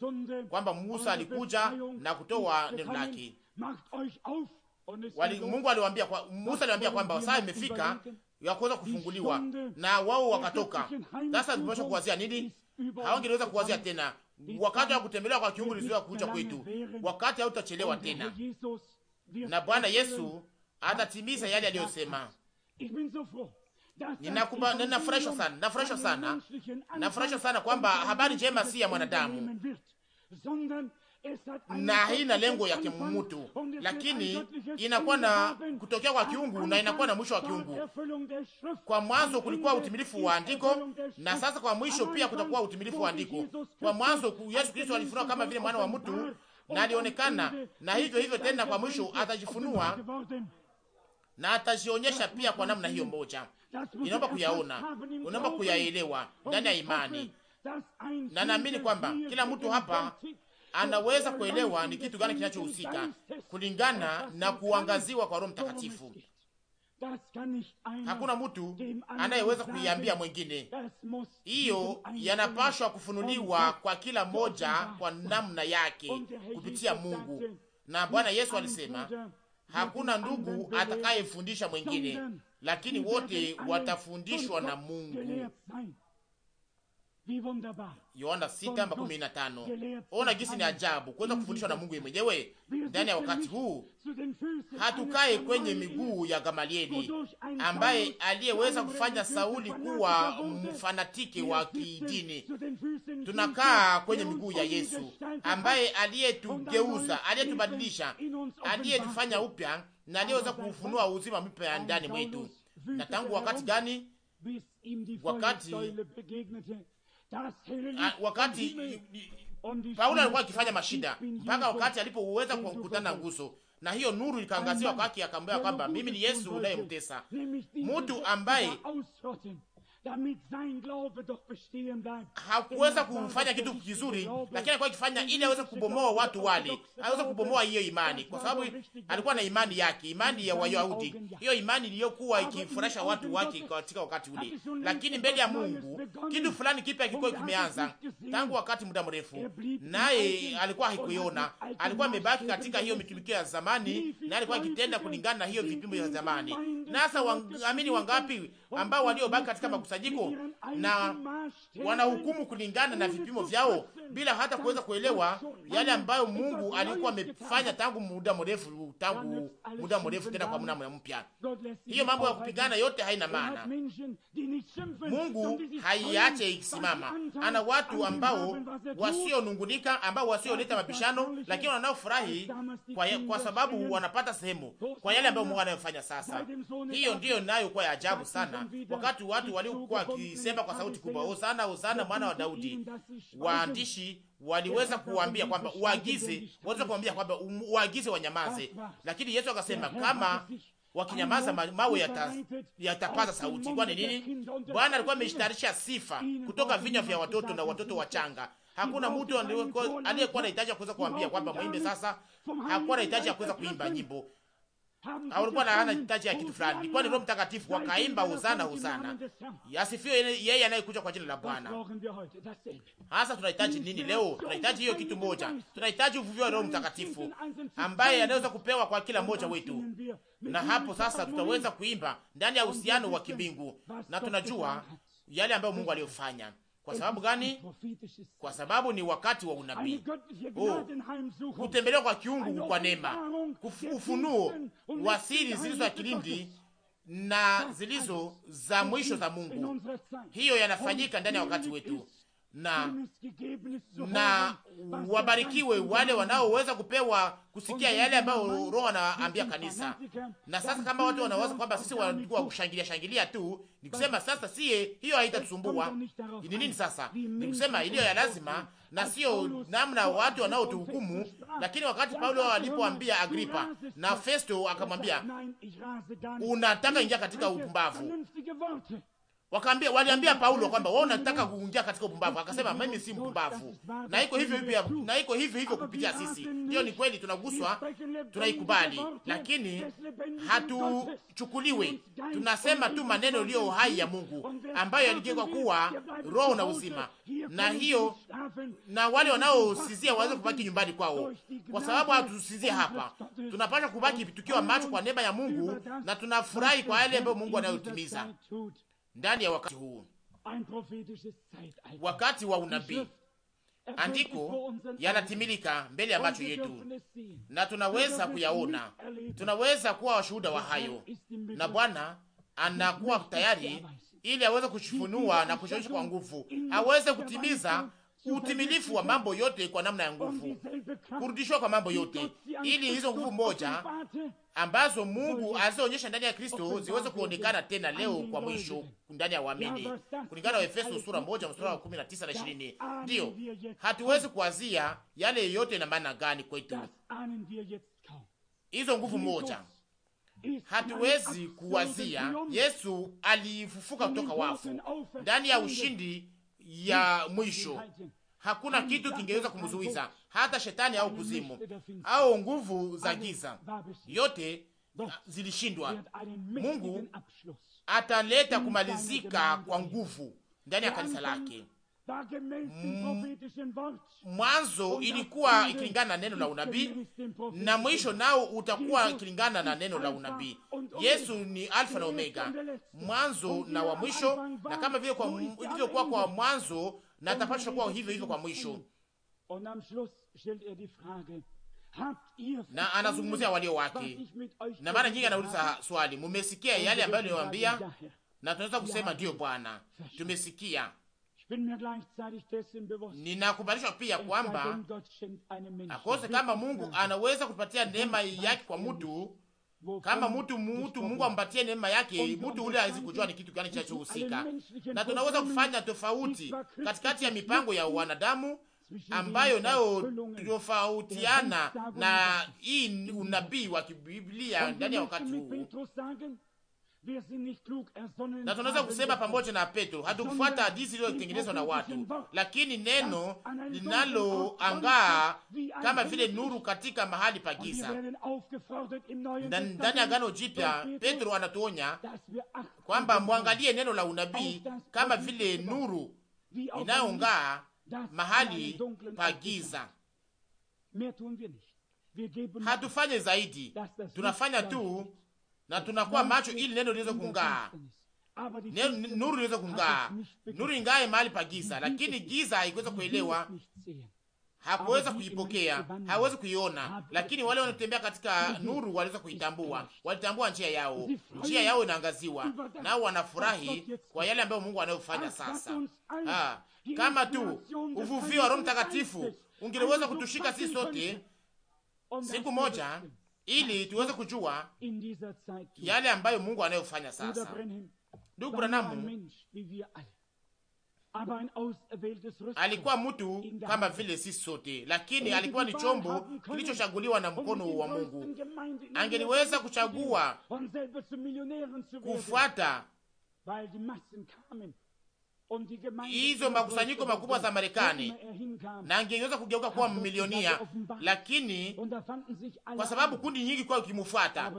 kwamba Musa alikuja na kutoa neno lake. Wali, Mungu aliwaambia kwa Musa aliwaambia kwamba saa imefika ya kuweza kufunguliwa na wao wakatoka. Sasa tumesha kuwazia nini? Hawangeweza kuwazia tena. Wakati wa kutembelewa kwa kiungu lizuia kuja kwetu. Wakati hautachelewa tena. Na Bwana Yesu atatimiza yale aliyosema. Ninafurahishwa sana, nafurahishwa sana, nafurahishwa sana kwamba habari njema si ya mwanadamu na haina lengo ya kimutu, lakini inakuwa na kutokea kwa kiungu na inakuwa na mwisho wa kiungu. Kwa mwanzo kulikuwa utimilifu wa andiko, na sasa kwa mwisho pia kutakuwa utimilifu wa andiko. Kwa mwanzo Yesu Kristo alifunua kama vile mwana wa mtu na alionekana, na hivyo hivyo tena kwa mwisho atajifunua na atajionyesha pia kwa namna hiyo moja. Inaomba kuyaona, unaomba kuyaelewa ndani ya imani, na naamini kwamba kila mtu hapa anaweza kuelewa ni kitu gani kinachohusika kulingana na kuangaziwa kwa Roho Mtakatifu. Hakuna mtu anayeweza kuiambia mwingine, hiyo yanapashwa kufunuliwa kwa kila moja kwa namna yake kupitia Mungu. Na Bwana Yesu alisema Hakuna ndugu atakayefundisha mwingine, lakini wote watafundishwa na Mungu Yohana 6:15. Ona jinsi ni ajabu kuweza kufundishwa na Mungu mwenyewe ndani ya wakati huu. Hatukae kwenye miguu ya Gamalieli ambaye aliyeweza kufanya Sauli kuwa mfanatiki wa kidini. Tunakaa kwenye miguu ya Yesu ambaye aliyetugeuza, aliyetubadilisha, aliyetufanya upya na aliyeweza kuufunua uzima mpya ndani mwetu. Na tangu wakati gani? Wakati Ah, wakati Paulo alikuwa akifanya mashida mpaka wakati alipoweza kukutana na nguzo, na hiyo nuru ikaangaziwa kwake, akaambia kwamba mimi ni Yesu unayemtesa, mtu ambaye hakuweza kufanya kitu kizuri, lakini alikuwa akifanya ili aweze kubomoa watu wale, aweze kubomoa hiyo imani, kwa sababu alikuwa na imani yake, imani ya Wayahudi, hiyo imani iliyokuwa ikifurahisha watu wake katika wakati ule. Lakini mbele ya Mungu kitu fulani kipya kilikuwa er kimeanza tangu wakati muda mrefu, er naye alikuwa hakuiona, alikuwa amebaki katika hiyo mitumikio ya zamani, na alikuwa akitenda kulingana na hiyo vipimo vya zamani. Nasa waamini wangapi ambao waliobaki katika makusa mkusanyiko na wanahukumu kulingana na vipimo vyao bila hata kuweza kuelewa yale ambayo Mungu alikuwa amefanya tangu muda mrefu, tangu muda mrefu tena kwa mnamo mpya. Hiyo mambo ya kupigana yote haina maana. Mungu haiache ikisimama. Ana watu ambao wasionungunika, ambao wasioleta mapishano, lakini wanaofurahi kwa, kwa sababu wanapata sehemu kwa yale ambayo Mungu anayofanya sasa. Hiyo ndiyo nayo kwa ya ajabu sana, wakati watu walio alipokuwa akisema kwa sauti kubwa, Hosana, Hosana mwana wa Daudi, waandishi waliweza kuambia kwamba uagize, waweza kuambia kwamba um, uagize wanyamaze, lakini Yesu akasema kama wakinyamaza mawe yatapaza sauti. Kwa nini? Bwana alikuwa ameshtarisha sifa kutoka vinywa vya watoto na watoto wachanga. Hakuna mtu aliyekuwa anahitaji ya kuweza kuambia kwamba mwimbe sasa, hakuwa anahitaji ya kuweza kuimba nyimbo walikuwa na hana hitaji ya kitu fulani, ilikuwa ni Roho Mtakatifu, wakaimba hosana, hosana, yasifiwe yeye anayekuja kwa jina la Bwana. Hasa tunahitaji nini leo? Tunahitaji hiyo kitu moja, tunahitaji uvuvio wa Roho Mtakatifu ambaye anaweza kupewa kwa kila mmoja wetu, na hapo sasa tutaweza kuimba ndani ya uhusiano wa kimbingu, na tunajua yale ambayo Mungu aliyofanya. Kwa sababu gani? Kwa sababu ni wakati wa unabii, oh, kutembelewa kwa kiungu kwa neema, ufunuo wa siri zilizo ya kilindi na zilizo za mwisho za Mungu. Hiyo yanafanyika ndani ya wakati wetu na na wabarikiwe wale wanaoweza kupewa kusikia yale ambayo Roho anaambia kanisa. Na sasa kama watu wanawaza kwamba sisi walikuwa kushangilia shangilia tu, nikusema sasa, sie hiyo haitatusumbua. Ni nini sasa? Nikusema iliyo ya lazima na sio namna watu wanaotuhukumu. Lakini wakati Paulo alipoambia Agripa na Festo akamwambia, unataka ingia katika upumbavu Wakaambia, waliambia Paulo kwamba wewe unataka kuingia katika upumbavu. Akasema mimi si mpumbavu, na iko hivyo hivyo, na iko hivyo hivyo kupitia sisi. Hiyo ni kweli, tunaguswa, tunaikubali, lakini hatuchukuliwe. Tunasema tu maneno yaliyo uhai ya Mungu ambayo yalijengwa kuwa roho na uzima, na hiyo na wale wanaosizia waweze kubaki nyumbani kwao, kwa sababu hatusizie hapa. Tunapaswa kubaki tukiwa macho kwa neema ya Mungu, na tunafurahi kwa yale ambayo Mungu anayotimiza ndani ya wakati huu, wakati wa unabii. Andiko yanatimilika mbele ya macho yetu na tunaweza kuyaona, tunaweza kuwa washuhuda wa hayo, na Bwana anakuwa tayari ili aweze kuchifunua na kushawishi kwa nguvu aweze kutimiza utimilifu wa mambo yote kwa namna ya nguvu, kurudishwa kwa mambo yote, ili hizo nguvu moja ambazo Mungu alizoonyesha ndani ya Kristo ziweze kuonekana tena leo kwa mwisho ndani ya waamini, kulingana na Efeso sura moja mstari wa 19 na 20. Ndio hatuwezi kuazia yale yote na maana gani kwetu hizo nguvu moja hatuwezi kuwazia. Yesu alifufuka kutoka wafu ndani ya ushindi ya mwisho. Hakuna kitu kingeweza kumzuiza, hata shetani au kuzimu au nguvu za giza, yote zilishindwa. Mungu ataleta kumalizika kwa nguvu ndani ya kanisa lake. Mm. mwanzo ilikuwa ikilingana na neno la unabii na mwisho nao utakuwa ikilingana na neno la unabii. Yesu ni alfa na omega, mwanzo na wa mwisho, na kama vile kwa ilivyokuwa kwa mwanzo na atapashwa kuwa hivyo hivyo kwa mwisho. Na anazungumzia walio wake, na mara nyingi anauliza swali, mumesikia yale ambayo niliwaambia? Na tunaweza kusema ndiyo Bwana, tumesikia Ninakubalishwa pia kwamba akose kama Mungu anaweza kupatia neema yake kwa mtu kama mtu mtu Mungu ampatie neema yake, mtu ule hawezi kujua ni kitu gani kinachohusika, na tunaweza kufanya tofauti katikati ya mipango ya wanadamu ambayo nayo tofautiana na hii unabii wa kibiblia ndani ya wakati huu na tunaweza kusema pamoja na Petro, hatukufuata hadithi iliyotengenezwa na watu, lakini neno linaloangaa kama vile nuru katika mahali pa giza. Ndani ya Agano Jipya, Petro anatuonya kwamba mwangalie neno la unabii kama vile nuru inayong'aa mahali pa giza. Hatufanye zaidi, tunafanya tu na tunakuwa macho ili neno liweze kung'aa, nuru liweze kung'aa, nuru ingae mahali pa giza. Lakini giza haikuweza kuelewa, hakuweza kuipokea, hawezi kuiona, lakini wale wanaotembea katika nuru waliweza kuitambua, walitambua njia yao, njia yao inaangaziwa, nao wanafurahi kwa yale ambayo Mungu anayofanya sasa. Ha, kama tu uvuvio wa Roho Mtakatifu ungeliweza kutushika sisi sote siku moja ili tuweze kujua yale ambayo Mungu anayofanya sasa. Ndugu Branamu alikuwa mtu kama vile sisi sote, lakini alikuwa ni chombo kilichochaguliwa na mkono wa Mungu. Angeliweza kuchagua kufuata hizo makusanyiko makubwa za Marekani, na angeweza kugeuka kuwa milionia, lakini kwa sababu kundi nyingi kwa ukimfuata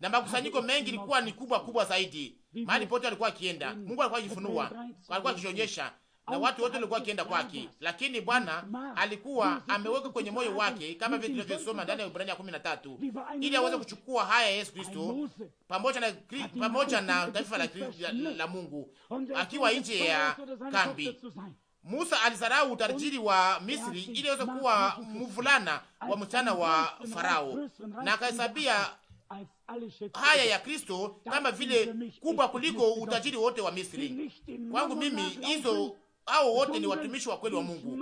na makusanyiko mengi ilikuwa ni kubwa kubwa zaidi, mahali pote alikuwa akienda, Mungu alikuwa akifunua, alikuwa akionyesha na watu wote walikuwa wakienda kwake, lakini Bwana alikuwa ameweka kwenye moyo wake, kama vile tunavyosoma ndani ya Ibrania kumi na tatu, ili aweze kuchukua haya Yesu Kristo pamoja na pamoja na taifa la, la Mungu akiwa nje ya kambi. Musa alizarau utajiri wa Misri ili aweze kuwa mvulana wa msichana wa Farao, na akahesabia haya ya Kristo kama vile kubwa kuliko utajiri wote wa Misri. Kwangu mimi hizo hao wote ni watumishi wa kweli wa Mungu.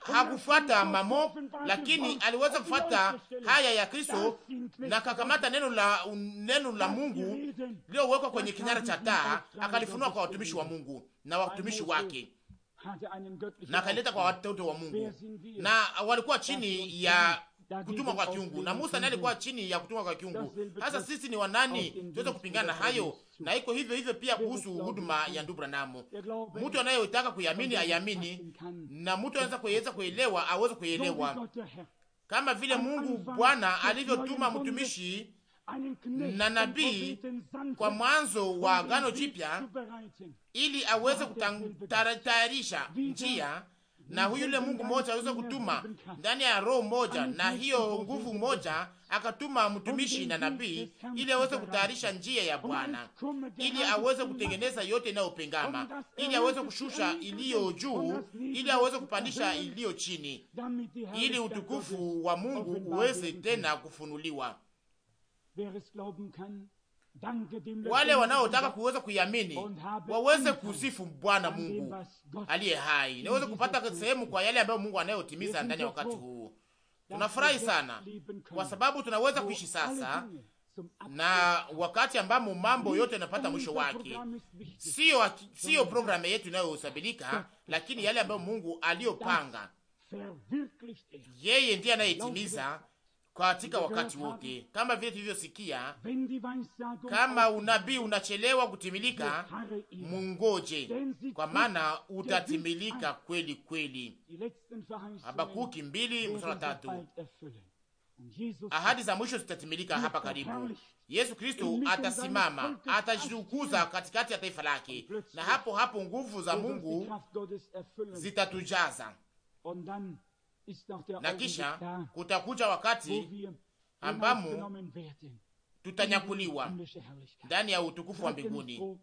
Hakufuata mamo, lakini aliweza kufuata haya ya Kristo na kakamata neno la neno la Mungu liliowekwa kwenye kinara cha taa, akalifunua kwa watumishi wa Mungu na watumishi wake na akaleta kwa watoto wa Mungu, na walikuwa chini ya kutumwa kwa kiungu, na Musa naye alikuwa chini ya kutumwa kwa kiungu. Sasa sisi ni wanani tuweze kupingana na hayo? na iko hivyo hivyo pia kuhusu huduma ya ndugu Branamu. Mtu anayetaka kuiamini ayamini na mtu anaweza kuweza kuelewa aweze kuelewa, kama vile Mungu Bwana alivyotuma mtumishi na nabii kwa mwanzo wa Agano Jipya ili aweze kutayarisha njia na huyu yule Mungu mmoja aliweza kutuma ndani ya roho moja na hiyo nguvu moja, akatuma mtumishi na nabii ili aweze kutayarisha njia ya Bwana, ili aweze kutengeneza yote inayopengama, ili aweze kushusha iliyo juu, ili aweze kupandisha iliyo chini, ili utukufu wa Mungu uweze tena kufunuliwa wale wanaotaka kuweza kuiamini waweze kusifu Bwana Mungu aliye hai, naweze kupata sehemu kwa yale ambayo Mungu anayotimiza ndani ya wakati huu. Tunafurahi sana kwa sababu tunaweza kuishi sasa na wakati ambamo mambo yote yanapata mwisho wake, sio sio programu yetu inayosabilika, lakini yale ambayo Mungu aliyopanga yeye ndiye anayetimiza katika wakati wote, kama vile tulivyosikia. Kama unabii unachelewa kutimilika, mungoje, kwa maana utatimilika kweli kweli. Habakuki mbili mstari tatu. Ahadi za mwisho zitatimilika hapa karibu. Yesu Kristo atasimama, atajitukuza katikati ya taifa lake, na hapo hapo nguvu za Mungu zitatujaza na kisha kutakuja wakati ambamo tutanyakuliwa ndani ya utukufu wa mbinguni.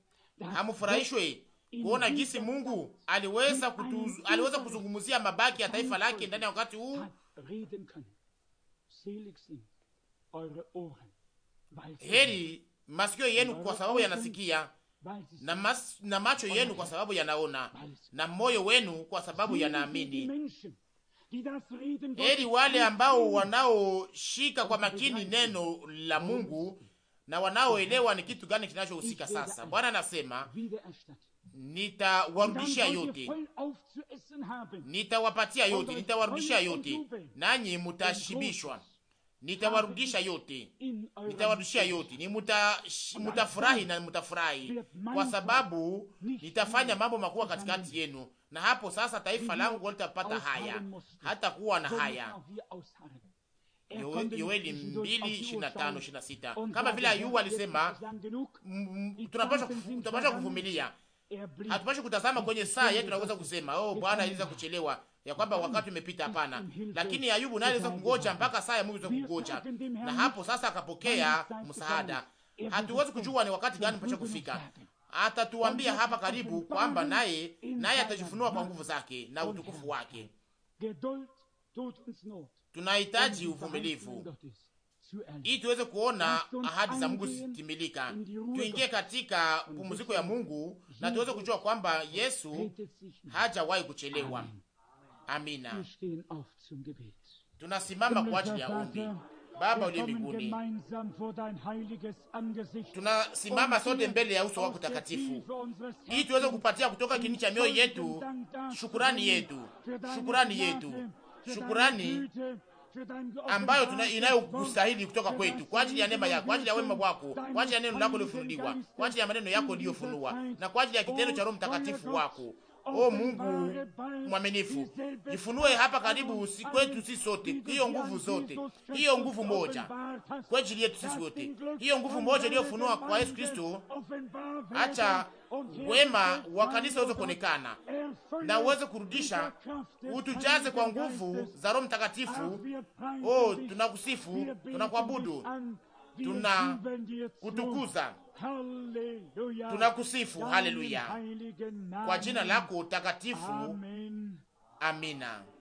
Hamufurahishwe kuona jinsi Mungu aliweza kutu, aliweza kuzungumzia mabaki ya taifa lake ndani ya wakati huu. Heri masikio yenu kwa sababu yanasikia na, mas, na macho yenu kwa sababu yanaona na moyo wenu kwa sababu yanaamini Heri wale ambao wanaoshika kwa makini neno la Mungu na wanaoelewa ni kitu gani kinachohusika. Sasa Bwana anasema nitawarudishia yote, nitawapatia yote, nitawarudishia yote, nanyi mutashibishwa nitawarudisha yote, nitawarudishia yote, ni muta, mutafurahi na mutafurahi, kwa sababu nitafanya mambo makubwa katikati yenu, na hapo sasa taifa langu litapata haya, hata kuwa na haya. Yoeli mbili ishirini na tano ishirini na sita kama vile Ayubu alisema, tunapasha kuvumilia, hatupashi kutazama kwenye saa yetu. Tunaweza kusema oh, Bwana iliweza kuchelewa ya kwamba wakati umepita, hapana. Lakini Ayubu naye aliweza kungoja mpaka saa ya Mungu mwisho kungoja, na hapo sasa akapokea msaada. Hatuwezi kujua ni wakati gani mpasha kufika. Atatuambia hapa karibu kwamba naye naye atajifunua kwa nguvu zake na utukufu wake. Tunahitaji uvumilivu ili tuweze kuona ahadi za Mungu zitimilika, tuingie katika pumziko ya Mungu na tuweze kujua kwamba Yesu hajawahi kuchelewa. Amina. Tunasimama kwa ajili ya ombi. Baba uliye mbinguni, tunasimama sote mbele ya uso wako takatifu, ili tuweze kupatia kutoka kini cha mioyo yetu shukurani yetu shukurani yetu shukurani ambayo tuna inayokustahili kutoka kwetu, kwa ajili ya neema yako, kwa ajili ya wema wako, kwa ajili ya neno lako liofunuliwa, kwa ajili ya maneno yako liyofunua, na kwa ajili ya kitendo cha Roho oh, Mtakatifu wako O oh, Mungu mwaminifu, jifunue hapa karibu si kwetu sisi sote, hiyo nguvu zote, hiyo nguvu moja kwa ajili yetu sisi wote, hiyo nguvu moja iliyofunua kwa Yesu Kristo. Acha wema wa kanisa uweze kuonekana na uweze kurudisha, utujaze kwa nguvu za Roho Mtakatifu. Oh, tunakusifu, tunakuabudu, tuna kutukuza Tunakusifu, haleluya, kwa jina lako takatifu. Amina.